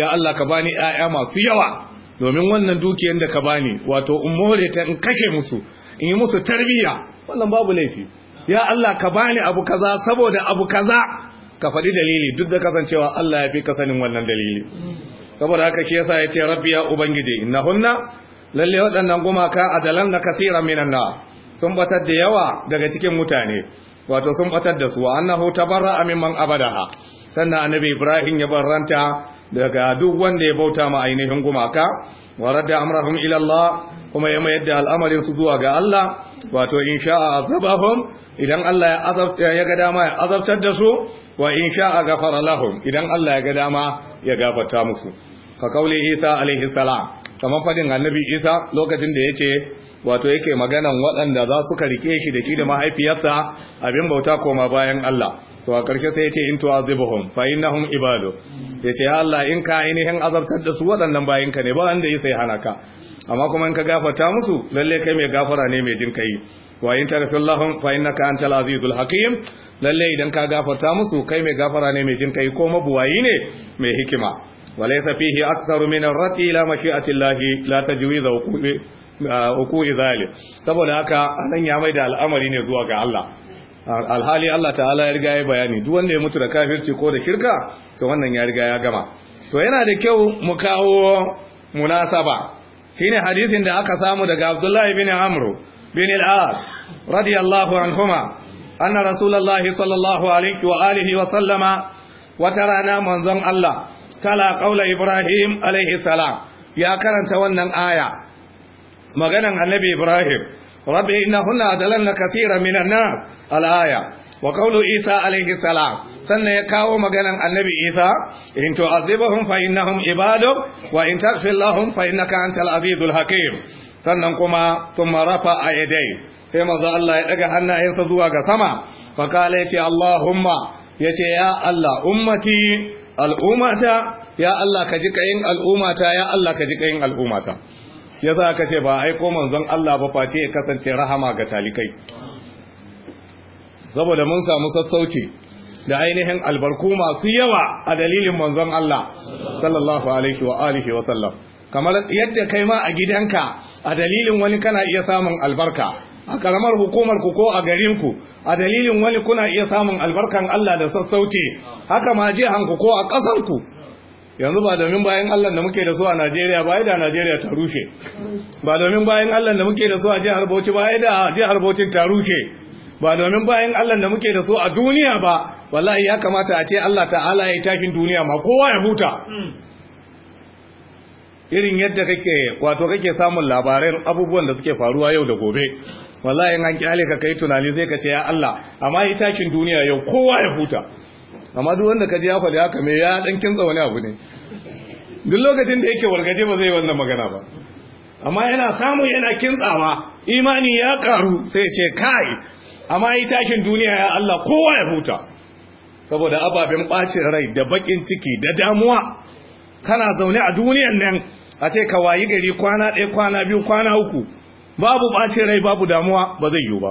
ya Allah ka bani ƴaƴa masu yawa domin wannan dukiyar da ka bani wato in more ta in kashe musu in yi musu tarbiyya wannan babu laifi ya Allah ka bani abu kaza saboda abu kaza ka faɗi dalili duk da kasancewa Allah ya fi ka sanin wannan dalili saboda haka shi yasa yace rabbi ya ubangiji innahunna lalle waɗannan gumaka adalan na kasiran minan na sun batar da yawa daga cikin mutane wato sun batar da su annahu tabarra man abadaha sannan annabi ibrahim ya barranta daga duk wanda ya bauta ma ainihin gumaka wa radda amrahum ila Allah kuma ya mayar da al'amarin su zuwa ga Allah wato in sha'a azabahum idan Allah ya azabta ya ya azabtar da su wa in sha'a ghafara lahum idan Allah ya ga dama ya gafarta musu fa kaule Isa alaihi salam kamar fadin annabi Isa lokacin da yace wato yake maganan waɗanda za su karike shi da shi da mahaifiyarsa abin bauta koma bayan Allah to a ƙarshe sai yace in tu'azibuhum fa innahum ibadu yace ya Allah in ka ainihin azabtar da su waɗannan bayinka ne ba wanda yasa ya hana amma kuma in ka gafarta musu lalle kai mai gafara ne mai jin kai wa in tarfillahu fa innaka antal azizul hakim lalle idan ka gafarta musu kai mai gafara ne mai jin kai ko mabuwayi ne mai hikima walaysa fihi aktharu min ar-rati ila mashi'atillahi la tajwiza hukumi uh, zalik saboda haka anan ya mai da al'amari ne zuwa ga Allah alhali Allah ta'ala ya riga ya bayani duk wanda ya mutu da kafirci ko da shirka to wannan ya riga ya gama to yana da kyau mu kawo munasaba shine hadisin da aka samu daga Abdullahi bin Amr bin al-As radiyallahu anhuma anna Rasulullah sallallahu alaihi wa alihi wa sallama wata rana manzon Allah kala qaula Ibrahim alaihi salam ya karanta wannan aya maganan annabi Ibrahim rabbi innahunna adalna kathiran minan nas al-aya wa qawlu isa alaihi salam sannan ya kawo maganan annabi isa in tu'azibahum fa innahum ibaduk wa in taghfir lahum fa innaka antal azizul hakim sannan kuma thumma rafa yadai sai manzo Allah ya daga hannayensa zuwa ga sama fa qala yace allahumma yace ya Allah ummati al'ummata ya Allah ka ji kayin al'ummata ya Allah ka ji kayin al'ummata ya za ka ce ba aiko manzon Allah ba face ya kasance rahama ga talikai saboda mun samu sassauci da ainihin albarku masu yawa a dalilin manzon Allah sallallahu alaihi wa alihi wa sallam kamar yadda kai ma a gidanka a dalilin wani kana iya samun albarka a karamar hukumar ku ko a garin ku a dalilin wani kuna iya samun albarkan Allah da sassauci haka ma je hanku ko a ƙasar ku yanzu ba domin bayan Allah da muke da su a Najeriya ba da Najeriya ta rushe ba domin bayan Allah da muke da su a jihar Bauchi ba da jihar Bauchi ta rushe ba domin bayan Allah da muke da so a duniya ba wallahi ya kamata a ce Allah ta'ala ya takin duniya ma kowa ya huta hmm. irin yadda kake wato kake samun labaran abubuwan da suke faruwa yau da gobe wallahi in an kyale ka kai tunani zai ka ce ya Allah amma yi takin duniya yau kowa ya huta amma duk wanda ka ji ya faɗi haka me ya dan kinsa wani abu ne duk lokacin da yake wargaje ba zai wannan magana ba amma yana samu yana kintsawa imani ya karu sai ce kai amma yi tashin duniya ya Allah kowa ya huta saboda ababen bacin rai da bakin ciki da damuwa kana zaune a duniyan nan a ce ka wayi gari kwana ɗaya kwana biyu kwana uku babu bacin rai babu damuwa ba zai yiwu ba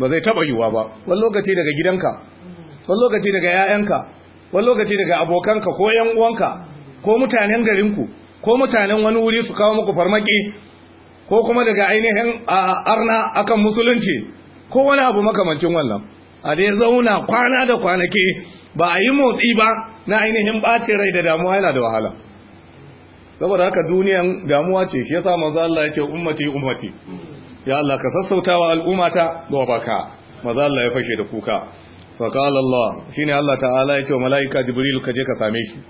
ba zai taɓa yiwuwa ba wani lokaci daga gidanka wani lokaci daga 'ya'yanka wani lokaci daga abokanka ko 'yan uwanka ko mutanen garinku ko mutanen wani wuri su kawo muku farmaki ko kuma daga ainihin arna akan musulunci ko wani abu makamancin wannan a dai zauna kwana da kwanaki ba a yi motsi ba na ainihin ɓace rai da damuwa yana da wahala saboda haka duniyan damuwa ce shi yasa maza Allah ya ce ummati ummati ya Allah ka sassauta sassautawa al'ummata ga baka Maza Allah ya fashe da kuka fa qala Allah shine Allah ta'ala ya ce wa malaika jibril ka je ka same shi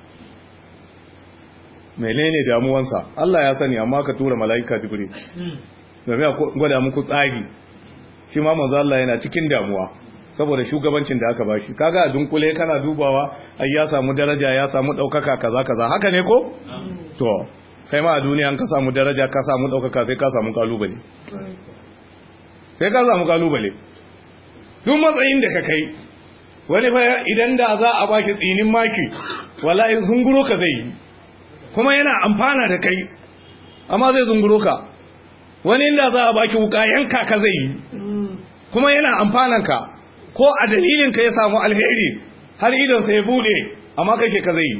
menene damuwansa Allah ya sani amma ka tura mala'ika jibril domin a gwada muku tsari shi ma manzo Allah yana cikin damuwa saboda shugabancin da aka bashi kaga a dunkule kana dubawa ai ya samu daraja ya samu daukaka kaza kaza haka ne ko to sai ma a duniya ka samu daraja ka samu daukaka sai ka samu kalubale sai ka samu kalubale duk matsayin da ka kai wani fa idan da za a shi tsinin maki wallahi sun guro ka zai yi kuma yana amfana da kai amma zai zunguro ka wani inda za a baki wuka yanka ka zai kuma yana amfanan ka ko a dalilin ka ya samu alheri har idan sai bude amma kake ka zai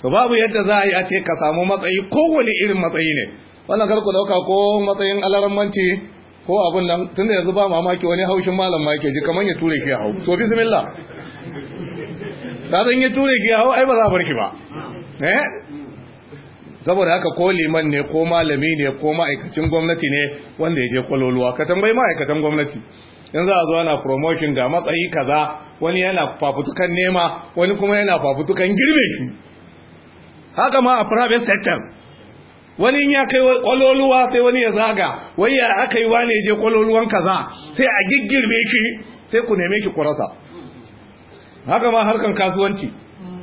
to babu yadda za a yi a ce ka samu matsayi ko wani irin matsayi ne wannan karku dauka ko matsayin alarammanci ko abun nan tunda yanzu ba mamaki wani haushin malam ma yake ji kamar ya ture ki hau to bismillah da zan ya ture ki hau ai ba za a bar ki ba eh saboda haka ko liman ne ko malami ne ko ma'aikacin gwamnati ne wanda ya je kwaloluwa ka tambayi ma'aikatan gwamnati in za a zo ana promotion ga matsayi kaza wani yana fafutukan nema wani kuma yana fafutukan girbe shi haka ma a private sector wani in ya kai kwaloluwa sai wani ya zaga wai ya aka yi wani ya je kwaloluwan kaza sai a giggirbe shi sai ku neme shi kurasa haka ma harkan kasuwanci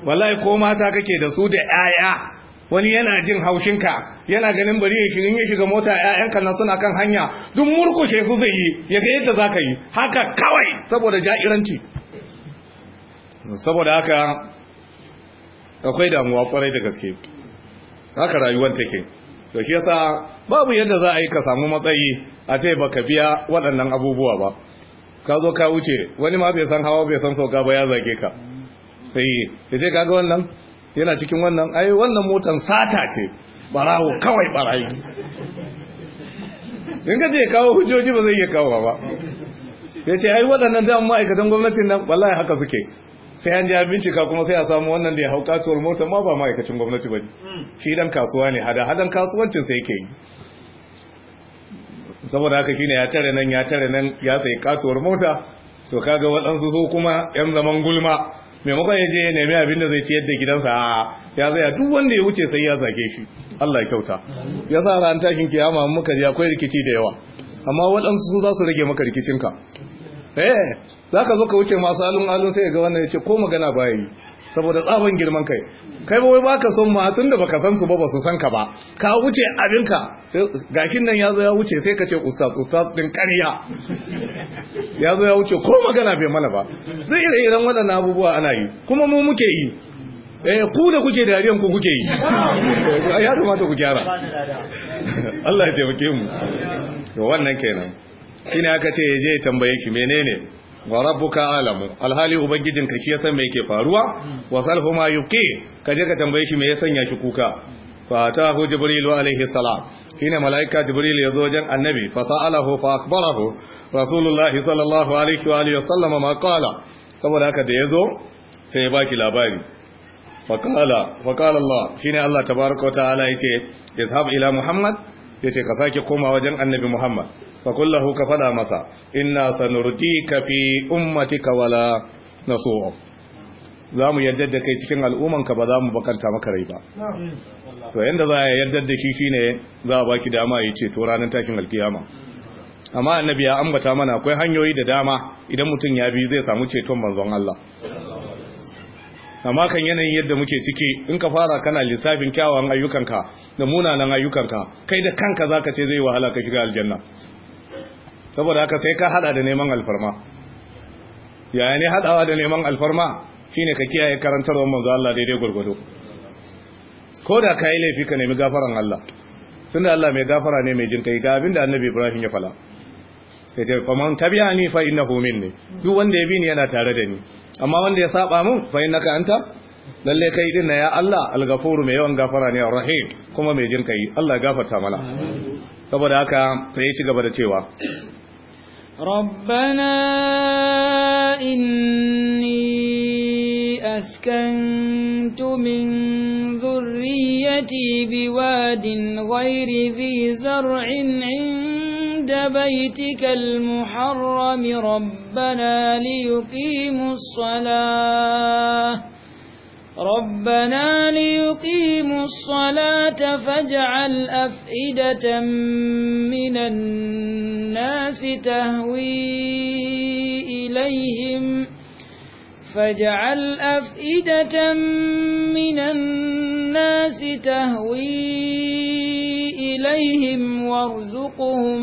wallahi ko mata kake da su da 'ya'ya wani yana jin haushinka yana ganin bari ya shirin ya shiga mota ƴaƴanka nan suna kan hanya duk murkushe su zai yi ya ga yadda za ka yi haka kawai saboda ja'iranci saboda haka akwai damuwa kwarai da gaske haka rayuwar take to shi yasa babu yadda za a yi ka samu matsayi a ce ka biya waɗannan abubuwa ba ka zo ka wuce wani ma bai san hawa bai san sauka ba ya zage ka sai eh, ya ce kaga wannan yana cikin wannan ai wannan motan sata ce barawo kawai barayi in ka je kawo hujjoji ba zai iya kawo ba ya ce ai waɗannan dan ma'aikatan gwamnatin nan wallahi haka suke sai an ji cika kuma sai a samu wannan da ya hau kasuwar mota ma ba ma'aikacin gwamnati ba shi dan kasuwa ne hada hadan kasuwancin sai yake yi saboda haka shine ya tare nan ya tare nan ya sai kasuwar mota to kaga waɗansu su kuma yan zaman gulma maimakon ya je ya nemi abin da zai ciyar da gidansa a ya zaya duk wanda ya wuce sai ya zage shi Allah ya kyauta ya sa ran tashin kiyama muka ji akwai rikici da yawa amma waɗansu su za su rage maka rikicinka eh za ka zo ka wuce masu alun alun sai ga wannan ya ce ko magana baya yi saboda tsaban girman kai kai ba wai baka son ma tun da baka san su ba ba su san ka ba ka wuce abinka gakin nan ya zo ya wuce sai ka ce ustaz ustaz din ƙarya ya zo ya wuce ko magana bai mana ba zai ire iren waɗannan abubuwa ana yi kuma mu muke yi eh ku da kuke da, yaren ku kuke yi ya kamata ku gyara Allah ya taimake mu to wannan kenan shine aka ce je tambaye ki menene wa rabbuka alamu alhali ubangijinka shi ya san me yake faruwa hmm. wa salhu ma yuqi kaje ka tambaye shi me ya sanya shi kuka fa hu jibril alaihi salam hina malaika jibril ya zo wajen annabi fa sa'alahu fa akbarahu rasulullahi sallallahu alaihi wa alihi wasallam ma qala saboda haka da yazo sai ya baki labari fa qala fa qala allah shine allah tabaaraka wa ta'ala yace idhab ila muhammad yace ka sake koma wajen annabi muhammad fa kullahu ka fada masa inna ka fi ummatika wala nasu za mu yarda da kai cikin al'ummanka ba za mu bakanta maka rai ba to yanda za a yarda da shi shine za a baki dama ya ce to ranar tashin alkiyama amma annabi ya ambata mana akwai hanyoyi da dama idan mutum ya bi zai samu ceton manzon Allah amma kan yanayin yadda muke ciki in ka fara kana lissafin kyawawan ayyukanka da munanan ayyukanka kai da kanka zaka ce zai wahala ka shiga aljanna saboda haka sai ka hada da neman alfarma yaya ne hadawa da neman alfarma shine ka kiyaye karantarwar manzo Allah daidai gurgudu ko da kai laifi ka nemi gafaran Allah tunda Allah mai gafara ne mai jinkai ga abinda Annabi Ibrahim ya fala sai ce faman tabi'ani fa innahu minni duk wanda ya bi ni yana tare da ni amma wanda ya saba mun fa innaka anta lalle kai din na ya Allah al-ghafuru mai yawan gafara ne ar-rahim kuma mai jinkai Allah gafarta mana saboda haka sai ya ci gaba da cewa ربنا إني أسكنت من ذريتي بواد غير ذي زرع عند بيتك المحرم ربنا ليقيموا الصلاة ربنا ليقيموا الصلاة فاجعل أفئدة من الناس تهوي إليهم فاجعل أفئدة من الناس تهوي إليهم وارزقهم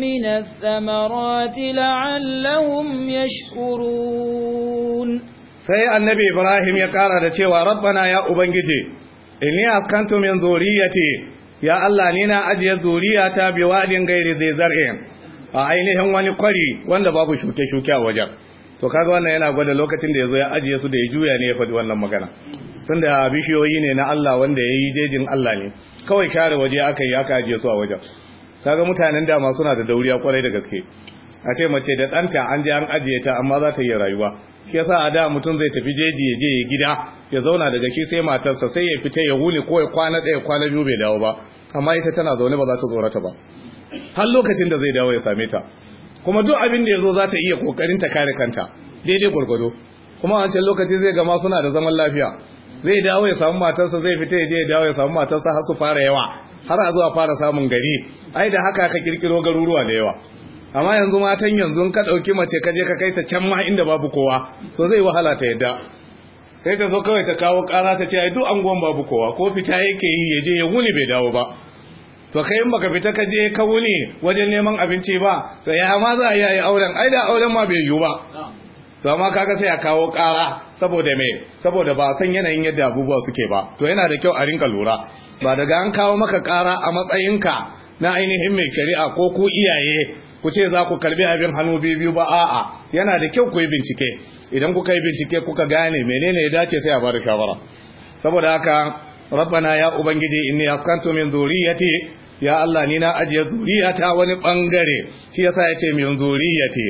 من الثمرات لعلهم يشكرون sai annabi ibrahim ya kara da cewa rabbana ya ubangiji inni akantu min zuriyati ya allah ni na ajiye zuriyata bi wadin gairi zai zar'in a ainihin wani kwari wanda babu shuke-shuke a wajen to kaga wannan yana gwada lokacin da ya zo ya ajiye su da ya juya ne ya faɗi wannan magana tunda bishiyoyi ne na Allah wanda ya yi jejin Allah ne kawai share waje aka yi aka ajiye su a wajen kaga mutanen dama suna da dauriya kwarai da gaske a ce mace da ɗanta an je an ajiye ta amma za ta yi rayuwa shi yasa a da mutum zai tafi jeji ya je ya gida ya zauna daga shi sai matarsa sai ya fita ya wuni ko ya kwana ɗaya kwana biyu bai dawo ba amma ita tana zaune ba za ta tsorata ba har lokacin da zai dawo ya same ta kuma duk abin da ya zo za ta iya kokarin ta kare kanta daidai gwargwado kuma a wancan lokaci zai gama suna da zaman lafiya zai dawo ya samu matarsa zai fita ya je ya dawo ya samu matarsa har su fara yawa har a zuwa fara samun gari ai da haka ka kirkiro garuruwa da yawa amma yanzu matan yanzu ka ɗauki mace ka je ka kai ta can ma inda babu kowa so zai wahala ta yadda Sai ta zo kawai ta kawo ƙara ta ce ai duk anguwan babu kowa ko fita yake yi ya je ya wuni bai dawo ba to kai in baka fita ka je ka wuni wajen neman abinci ba to ya ma za a yi ayi auren ai da auren ma bai yiwu ba to amma kaga sai a kawo ƙara saboda me saboda ba san yanayin yadda abubuwa suke ba to yana da kyau a rinka lura ba daga an kawo maka ƙara a matsayinka na ainihin mai shari'a ko ku iyaye ku ce za ku karbi abin hannu biyu ba a'a yana da kyau ku yi bincike idan kuka yi bincike kuka gane menene ya dace sai a bada shawara saboda haka rabbana ya ubangiji inni askantu min zuriyati ya Allah ni na ajiye zuriyata wani bangare shi yasa yace min zuriyati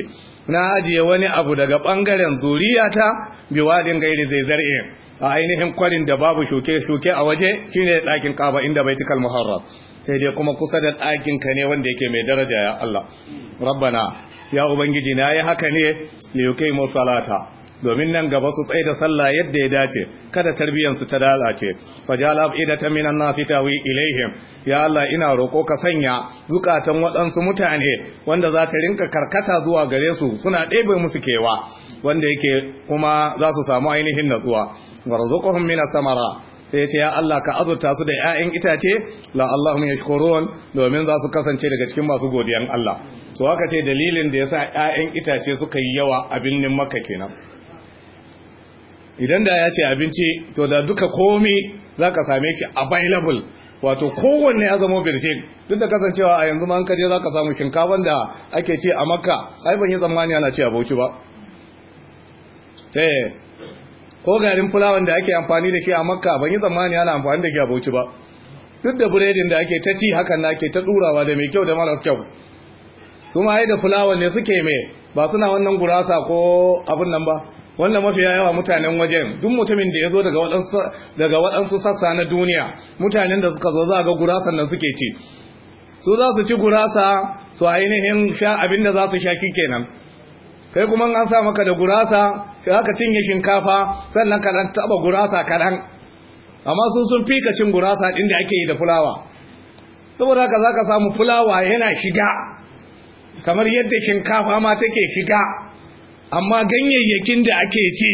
na ajiye wani abu daga bangaren zuriyata biwadin gairi zai zar'e a ainihin kwarin da babu shuke shuke a waje shine dakin kaba inda baitul muharram sai dai kuma kusa da ɗakin ka ne wanda yake mai daraja ya Allah rabbana ya ubangiji na yi haka ne li kai salata domin nan gaba su tsaye da sallah yadda ya dace kada tarbiyyar su ta lalace fajala ta minan nasi tawi ilaihim ya Allah ina roko ka sanya zukatan waɗansu mutane wanda za ta rinka karkata zuwa gare su suna ɗebe musu kewa wanda yake kuma za su samu ainihin natsuwa warzuqhum minas samara sai ce ya Allah ka azurta su da 'ya'yan itace la Allahum yashkurun domin za su kasance daga cikin masu godiyan Allah to haka ce dalilin da ya sa 'ya'yan itace suka yi yawa a binnin Makka kenan idan da ya ce abinci to da duka komi zaka same ki available wato kowanne ya zama birjin duk da kasancewa a yanzu ma an kaje zaka samu shinkafan da ake ce a Makka ai ban yi tsammani ana ce a Bauchi ba ko garin fulawan da ake amfani da shi a makka ban yi tsammani ana amfani da shi a bauchi ba duk da buredin da ake ta ci hakan na ke ta ɗurawa da mai kyau da mara kyau su ma da fulawan ne suke mai ba suna wannan gurasa ko abin nan ba wannan mafi yawa mutanen wajen duk mutumin da ya zo daga waɗansu sassa na duniya mutanen da suka zo za ga gurasan nan suke ci su za su ci gurasa su ainihin sha abin da za su sha kenan kai kuma an sa maka da gurasa sai aka cinye shinkafa sannan ka dan taba gurasa kaɗan amma sun sun fika cin gurasa ɗin da ake yi da fulawa saboda haka zaka samu fulawa yana shiga kamar yadda shinkafa ma take shiga amma ganyayyakin da ake ci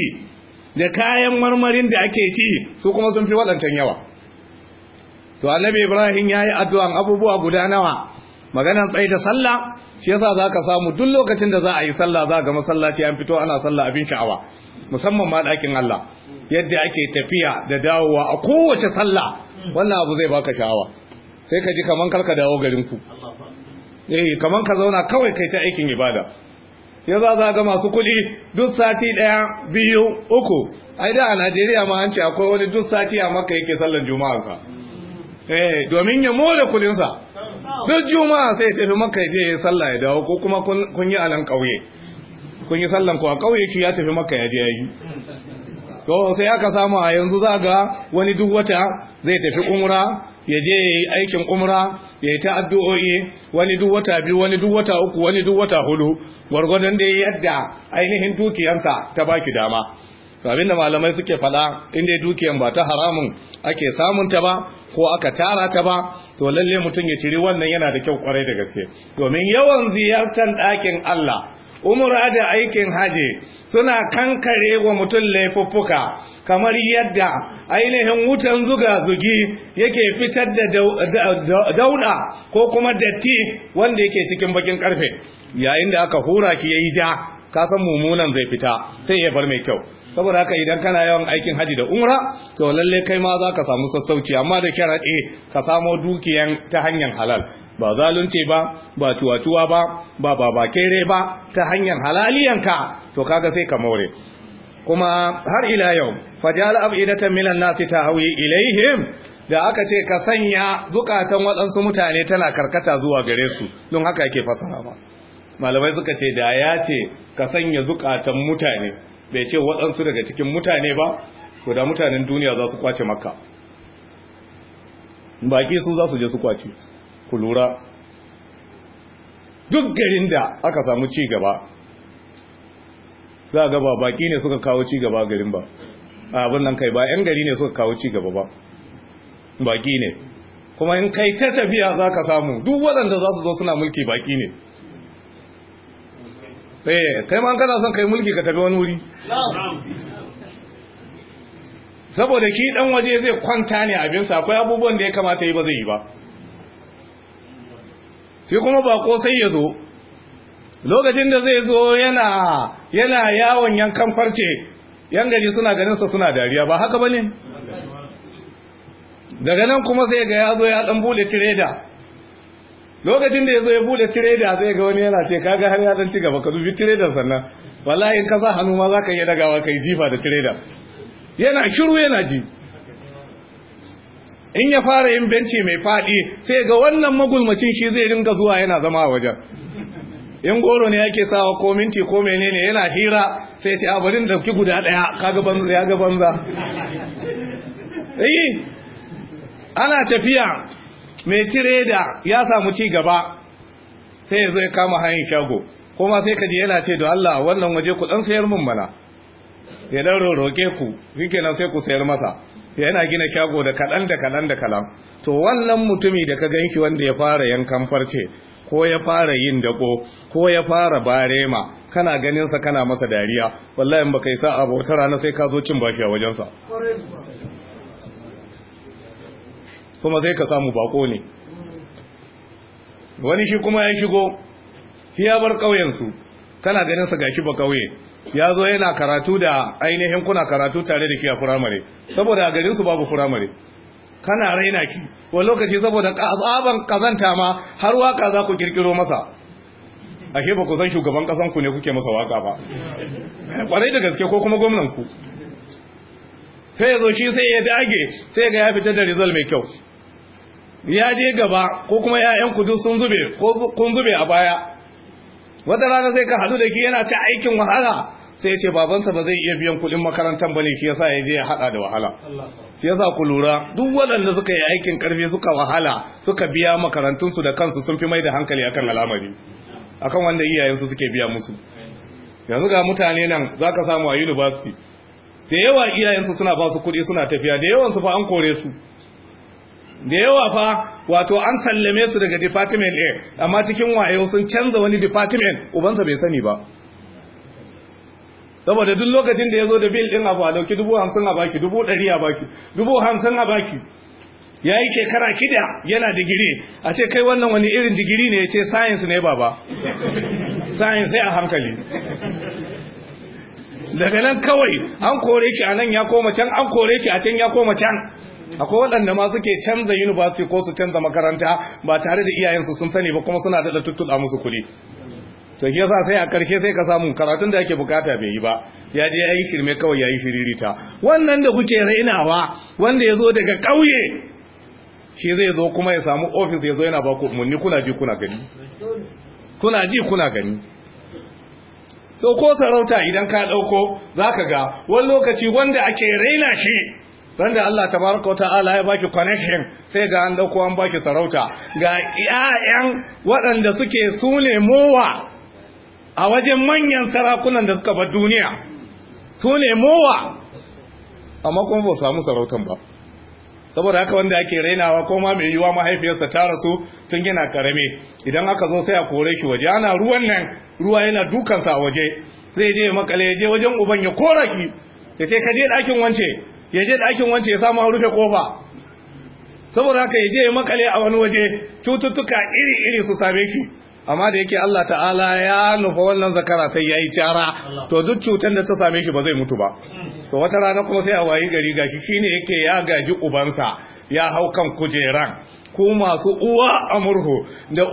da kayan marmarin da ake ci su kuma sun fi waɗancan yawa to annabi ibrahim ya yi addu'an abubuwa guda nawa maganan tsaye da sallah shi yasa zaka samu duk lokacin da za a yi sallah za ga masallaci an fito ana sallah abin sha'awa musamman ma dakin Allah yadda ake tafiya da dawowa a kowace sallah wannan abu zai baka sha'awa sai ka ji kaman karka dawo garin ku eh kaman ka zauna kawai kai ta aikin ibada ya za ga masu kuɗi duk sati ɗaya biyu uku ai da a Najeriya ma an ce akwai wani duk sati a maka yake sallan Juma'ar eh domin ya more kulinsa duk juma'a sai tafi makka ya je ya sallah ya dawo ko kuma kun yi alan kauye kun yi sallan ko a kauye shi ya tafi makka ya je yi to sai aka samu a yanzu za ga wani duk wata zai tafi umra ya je ya yi aikin umra ya yi ta addu'o'i wani duk wata biyu wani duk wata uku wani duk wata hudu gwargwadon da ya yadda ainihin dukiyansa ta baki dama abinda malamai suke fada inda dukiyan ba ta haramun ake samun ta ba ko aka tara ta ba to lalle mutum ya ciri wannan yana da kyau kwarai da gaske domin yawan ziyartar ɗakin Allah umura da aikin haji suna kankare wa mutum laifuffuka kamar yadda ainihin wutan zuga zugi yake fitar da dauda ko kuma datti wanda yake cikin bakin karfe yayin da aka hura shi yayi ja ka san mummunan zai fita sai ya bar mai kyau saboda haka idan kana yawan aikin haji da umra to lalle kai ma za ka samu sassauci amma da sharaɗe eh, ka samo dukiyan ta hanyar halal ba zalunce ba ba tuwatuwa ba ba ba ba ta hanyar halaliyanka to kaga sai ka more kuma har ila yau fajal abidatan minan nasi ta hawi ilaihim da aka ce ka sanya zukatan waɗansu mutane tana karkata zuwa gare su don haka yake fasara ba malamai suka ce da ya ce ka sanya zukatan mutane bai ce waɗansu daga cikin mutane ba Ko da mutanen duniya za su kwace maka baki su za su je su kwace ku lura duk garin da aka samu ci gaba za a gaba baki ne suka kawo ci gaba garin ba abin nan kai ba 'yan gari ne suka kawo ci gaba ba baki ne kuma in kai ta tafiya za ka samu duk waɗanda za su zo suna mulki baki ne Eh, kai ma kana son kai mulki ka tafi wani wuri saboda ki dan waje zai kwanta ne abinsa akwai abubuwan da ya kamata yi ba zai yi ba sai kuma ba ko sai ya zo lokacin da zai zo yana yana yawon yankan farce yan gari suna ganin sa suna dariya ba haka ba daga nan kuma sai ga ya zo ya dan bude tireda lokacin da ya zo ya bude tireda zai ga wani yana ce kaga har ya dan ci gaba ka dubi tiredar sannan wallahi in ka sa hannu ma za ka iya dagawa ka yi jifa da tireda yana shiru yana ji in ya fara yin benci mai faɗi sai ga wannan magulmacin shi zai ringa zuwa yana zama a wajen in goro ne yake sawa ko minti ko menene yana hira sai ce abarin da ki guda ɗaya kaga banza ya ga banza eh, ana tafiya mai da ya samu ci gaba sai ya zo ya kama hanyar shago kuma sai ka ji yana ce da Allah wannan waje ku dan sayar mun mana ya dan roroke ku nan sai ku sayar masa yana gina shago da kaɗan da kaɗan da kaɗan to wannan mutumi da ka ganki wanda ya fara yankan farce ko ya fara yin dako ko ya fara barema kana ganinsa kana masa dariya wallahi in baka yi sa'a ba wata rana sai ka zo cin bashi a wajensa kuma sai ka samu bako ne wani shi kuma ya shigo shi ya bar ƙauyensu kana ganin sa gashi ba ƙauye ya zo yana karatu da ainihin kuna karatu tare da shi a firamare saboda a garinsu babu firamare kana raina shi. wa lokaci saboda tsaban kazanta ma har waka za ku kirkiro masa ashe ba ku san shugaban kasan ku ne kuke masa waka ba kwarai da gaske ko kuma gwamnan ku sai ya zo shi sai ya dage sai ga ya fitar da result mai kyau ya je gaba ko kuma ya'yan ku duk sun zube ko kun zube a baya wata rana sai ka hadu da ki yana ta aikin wahala sai ya ce babansa ba zai iya biyan kuɗin makarantar bane ki yasa ya je ya hada da wahala shi yasa ku lura duk waɗanda suka yi aikin karfi suka wahala suka biya makarantunsu da kansu sun fi mai da hankali akan al'amari akan wanda iyayensu suke biya musu yanzu ga mutane nan za ka samu a university da yawa iyayensu suna ba su kuɗi suna tafiya da yawansu fa an kore su da yawa fa wato an sallame su daga department A amma cikin wayo sun canza wani department ubansa bai sani ba saboda duk lokacin da ya zo da bil din abu a dauki dubu hamsin a baki dubu ɗari a baki dubu hamsin a baki ya yi shekara kida yana digiri a ce kai wannan wani irin digiri ne ya ce science ne baba science sai a hankali daga nan kawai an kore ki a nan ya koma can an kore ki a can ya koma can akwai waɗanda ma suke canza university ko su canza makaranta ba tare da iyayensu sun sani ba kuma suna da tuttuɗa musu kuɗi to shi yasa sai a ƙarshe sai ka samu karatun da ake bukata bai yi ba ya je yayi shirme kawai yayi shiririta wannan da kuke rainawa wanda ya zo daga ƙauye shi zai zo kuma ya samu ofis ya zo yana ba ku umarni kuna ji kuna gani kuna ji kuna gani to ko sarauta idan ka ɗauko za ka ga wani lokaci wanda ake raina shi ran da Allah tabaraka ta'ala ya baki connection sai ga an dauko an baki sarauta ga 'ya'yan waɗanda suke sune mowa a wajen manyan sarakunan da suka bar duniya sune mowa amma kuma ba samu sarautan ba saboda haka wanda ake rainawa ko ma mai yiwa mahaifiyarsa ta rasu tun gina karami idan aka zo sai a kore shi waje ana ruwan nan ruwa yana dukansa waje zai je makale yaje je wajen uban ya kora ki ya ce ka je ɗakin wance ya je ɗakin wance ya samu rufe kofa saboda haka ya je ya makale a wani waje cututtuka iri-iri su same ki amma da yake Allah ta'ala ya nufa wannan zakara sai ya yi cara to duk cutar da ta same shi ba zai mutu ba to wata rana kuma sai a wayi gari gashi shine yake ya gaji ubansa ya hau kan kujeran ko masu uwa a murhu da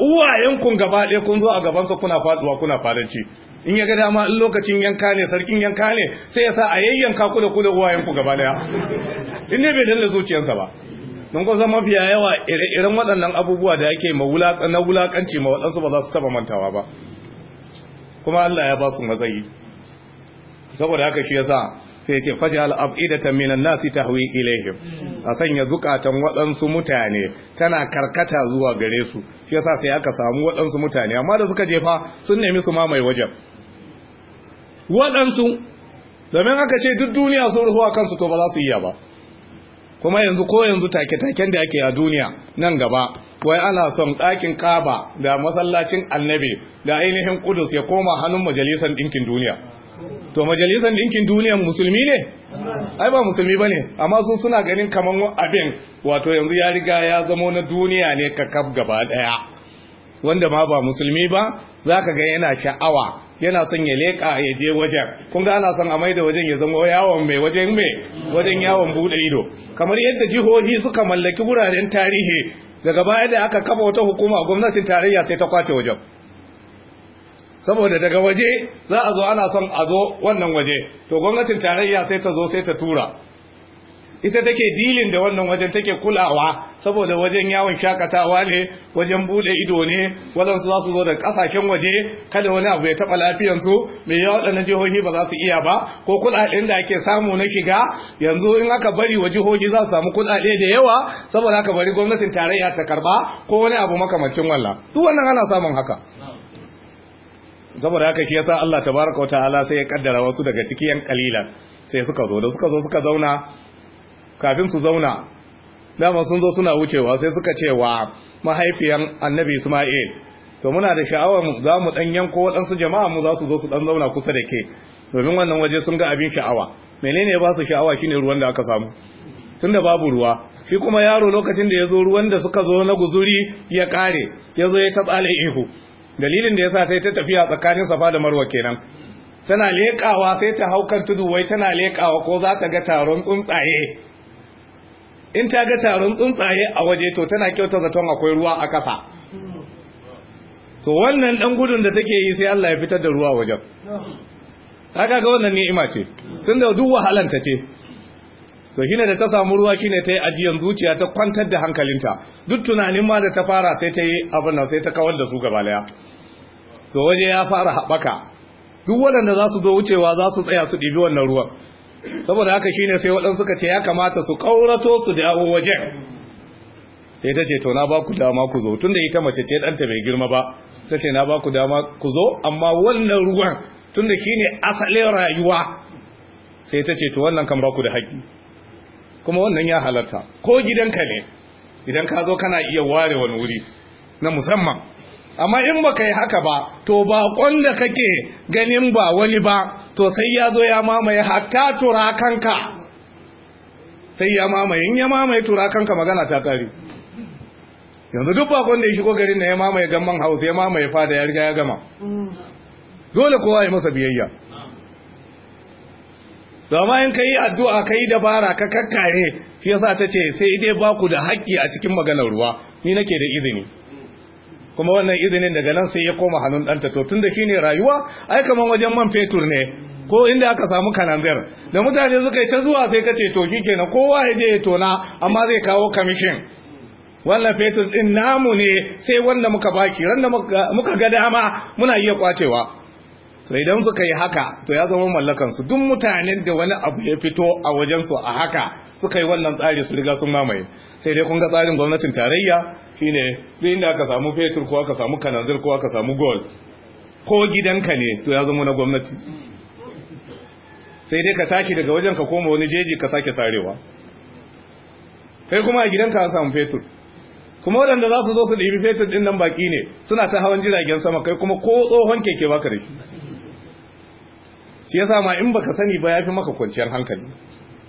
yankun gaba ɗaya kun zo a gabansa kuna faduwa kuna fadanci in ya ga dama in lokacin yanka ne sarkin yanka ne sai ya sa a yayyanka ku kula uwa yanku gaba ɗaya in ne bai danna zuciyarsa ba don ko zama fiya yawa ire waɗannan abubuwa da yake na wulaƙanci ma waɗansu ba za su taɓa mantawa ba kuma Allah ya ba su matsayi saboda haka shi ya sa. sai ce faj'al af'idatan minan nasi hui ilaihim a sanya zukatan waɗansu mutane tana karkata zuwa gare su shi yasa sai aka samu waɗansu mutane amma da suka jefa sun nemi su mamaye wajen waɗansu domin aka ce duk duniya sun rufuwa kansu to ba za su iya ba kuma yanzu ko yanzu take-taken da ake a duniya nan gaba wai ana son ɗakin kaba da masallacin annabi da ainihin kudus ya koma hannun majalisar ɗinkin duniya to majalisar dinkin duniyan musulmi ne ai ba musulmi ba ne amma su suna ganin kamar abin wato yanzu ya riga ya zama na duniya ne kakaf gaba ɗaya wanda ma ba musulmi ba zaka ga yana sha'awa yana son ya leka ya je wajen kun ga ana son a maida wajen ya zama yawon mai wajen mai wajen yawon bude ido kamar yadda jihohi suka mallaki wuraren tarihi daga baya da aka kafa wata hukuma gwamnatin tarayya sai ta kwace wajen saboda daga waje za a zo ana son a zo wannan waje to gwamnatin tarayya sai ta zo sai ta tura ita take dilin da wannan wajen take kulawa saboda wajen yawon shakatawa ne wajen bude ido ne wajen su za su zo da kasashen waje kada wani abu ya taba su, mai yawa waɗannan jihohi ba za su iya ba ko kuɗaɗen da ake samu na shiga yanzu in aka bari wa jihohi za su samu kuɗaɗe da yawa saboda aka bari gwamnatin tarayya ta karba ko wani abu makamancin walla duk wannan ana samun haka saboda haka shi yasa Allah tabaraka wa ta'ala sai ya kaddara wasu daga cikin yan kalila sai suka zo da suka zo suka zauna kafin su zauna dama sun zo suna wucewa sai suka ce wa mahaifiyan annabi Isma'il to muna da sha'awar za mu dan yanko waɗansu jama'a mu za su zo su dan zauna kusa da ke domin wannan waje sun ga abin sha'awa menene ya ba su sha'awa shine ruwan da aka samu tunda babu ruwa shi kuma yaro lokacin da ya zo ruwan da suka zo na guzuri ya kare ya zo ya taɓa ihu dalilin da ya sa sai ta tafiya tsakanin safa da marwa kenan tana leƙawa sai ta haukan tudu wai tana leƙawa ko za ta ga taron tsuntsaye in ta ga taron tsuntsaye a waje to tana kyauta zaton akwai ruwa a ƙasa to wannan dan gudun da take yi sai Allah ya fitar da ruwa wajen kaga ga wannan ni'ima ce tunda duk wahalanta ce to shine da ta samu ruwa shine ta yi ajiyan zuciya ta kwantar da hankalinta duk tunanin ma da ta fara sai ta yi abin nan sai ta kawar da su gaba daya to waje ya fara haɓaka duk waɗanda za su zo wucewa za su tsaya su ɗibi wannan ruwan saboda haka shine sai waɗansu suka ce ya kamata su ƙaurato su dawo wajen sai ta ce to na ba ku dama ku zo tunda ita mace ce ɗanta bai girma ba ta ce na ba ku dama ku zo amma wannan ruwan tunda shine asalin rayuwa sai ta ce to wannan kan ba ku da haƙƙi kuma wannan ya halarta ko gidanka ne idan ka zo kana iya ware wani wuri na musamman amma in ba ka yi haka ba to bakon da kake ganin ba wani ba to sai ya zo ya mamaye hatta turakanka sai ya mamaye in ya mamaye turakanka magana ta kare yanzu duk bakon da ya shigo garin na ya mamaye gamman hausa ya mamaye fada ya riga ya gama mm. dole kowa ya masa biyayya domin in ka yi addu'a ka yi dabara ka kakkare shi yasa ta ce sai idai ba ku da haƙƙi a cikin maganar ruwa ni nake da izini kuma wannan izinin daga nan sai ya koma hannun ɗanta to tun da shi ne rayuwa ai kamar wajen man fetur ne ko inda aka samu kananzir da mutane suka yi ta zuwa sai ka ce to shi kenan kowa ya je ya tona amma zai kawo kamishin wannan fetur ɗin namu ne sai wanda muka baki randa muka ga dama muna iya kwacewa to idan suka yi haka to ya zama mallakansu duk mutanen da wani abu ya fito a wajensu a haka suka yi wannan tsari su riga sun mamaye sai dai kun ga tsarin gwamnatin tarayya shine duk inda aka samu fetur ko aka samu kanazir ko aka samu gold ko gidanka ne to ya zama na gwamnati sai dai ka tashi daga wajen ka koma wani jeji ka sake sarewa kai kuma a gidanka ka samu fetur kuma waɗanda za su zo su ɗibi fetur ɗin nan baƙi ne suna ta hawan jiragen sama kai kuma ko tsohon keke baka da shi shi yasa ma in baka sani ba yafi maka kwanciyar hankali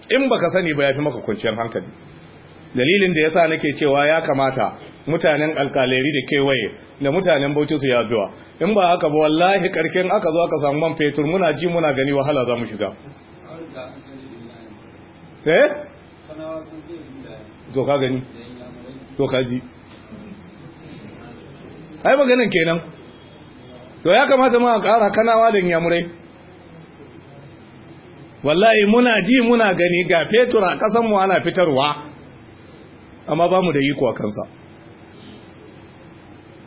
in baka sani ba yafi maka kwanciyar hankali dalilin da yasa nake cewa ya kamata mutanen alkaleri da kewaye da mutanen bauchi su yaduwa in ba haka ba wallahi karken aka zo aka samu man fetur muna ji muna gani wahala za mu shiga eh to ka gani ka ji ai maganin kenan to ya kamata ma a ƙara kanawa da yamurai wallahi muna ji muna gani ga fetur a kasan ana fitarwa amma ba mu da iko a kansa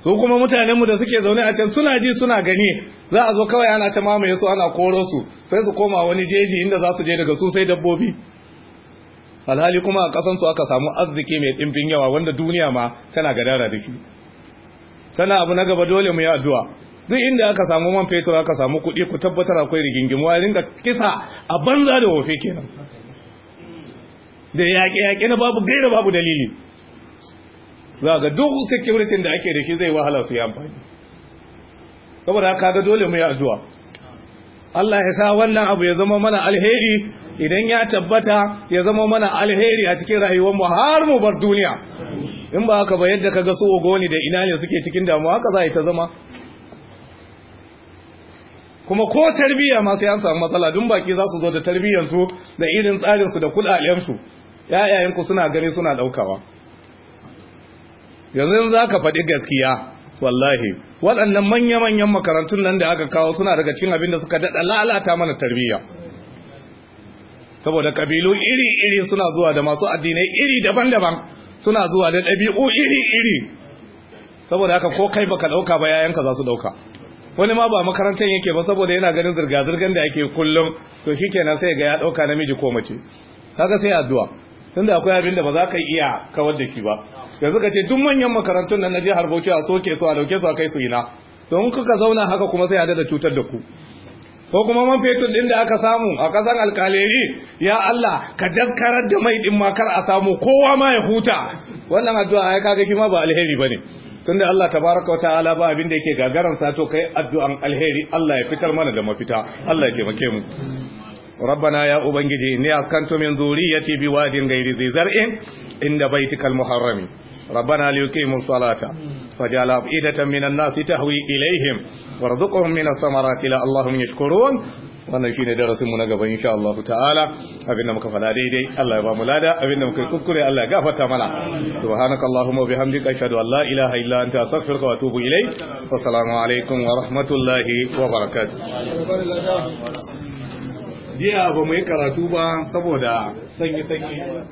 su kuma mutanenmu da suke zaune a can suna ji suna gani za a zo kawai ana ta mamaye su ana koro su sai su koma wani jeji inda za su je daga su sai dabbobi alhali kuma a kasansu aka samu arziki mai ɗimbin yawa wanda duniya ma tana gadara da shi sana abu na gaba dole mu yi addu'a duk inda aka samu man fetur aka samu kuɗi ku tabbatar akwai rigingimu a ringa kisa a banza da wofe kenan da yaƙe-yaƙe na babu gaira babu dalili za ga duk security da ake da shi zai wahala su yi amfani saboda ka ga dole mu yi addu'a Allah ya sa wannan abu ya zama mana alheri idan ya tabbata ya zama mana alheri a cikin rayuwar mu har mu bar duniya in ba ka ba yadda ka kaga su ogoni da ina ne suke cikin damuwa haka za ta zama kuma ko tarbiyya ma sai an samu matsala dun baki za su zo da tarbiyyansu da irin tsarin su da kudalensu yayayenku suna gani suna daukawa yanzu za ka faɗi gaskiya wallahi waɗannan manya-manyan makarantun nan da aka kawo suna daga cikin abin da suka daɗa lalata mana tarbiyya saboda ƙabilu iri-iri suna zuwa da masu addinai iri daban-daban suna zuwa da ɗabi'u iri-iri saboda haka ko kai baka ɗauka ba yayanka za su ɗauka wani ma ba makarantar yake ba saboda yana ganin zirga-zirgan da ake kullum to shi kenan sai ga ya ɗauka namiji ko mace kaga sai addu'a tunda akwai abin da ba za ka iya kawar da shi ba yanzu ka ce duk manyan makarantun nan na jihar Bauchi a soke su a dauke su a kai su ina to in kuka zauna haka kuma sai a da cutar da ku ko kuma man fetur din da aka samu a kasan alkaleri ya Allah ka daskarar da mai din makar a samu kowa ma ya huta wannan addu'a ai kaga ma ba alheri bane Tun da Allah tabaraka wa ala ba abin da yake gagaran sa to kai addu'an alheri Allah ya fitar mana da mafita Allah ya taimake mu rabbana ya ubangiji ni askantu min zuriyati bi wadin ghairi dhi in, inda baitikal muharrami rabbana liqimu salata fajala afidatan minan nasi tahwi ilaihim warzuqhum minas samarati la allahum yashkurun wannan shine darasinmu na gaba insha Allah ta'ala abinda muka fada daidai Allah ya ba mu lada abinda muka kuskure Allah ya gafarta mana subhanakallahumma wa bihamdika ashhadu an la ilaha illa anta astaghfiruka wa atubu ilayk wa assalamu alaikum wa rahmatullahi wa barakatuh jiya ba mu yi karatu ba saboda sanyi sanyi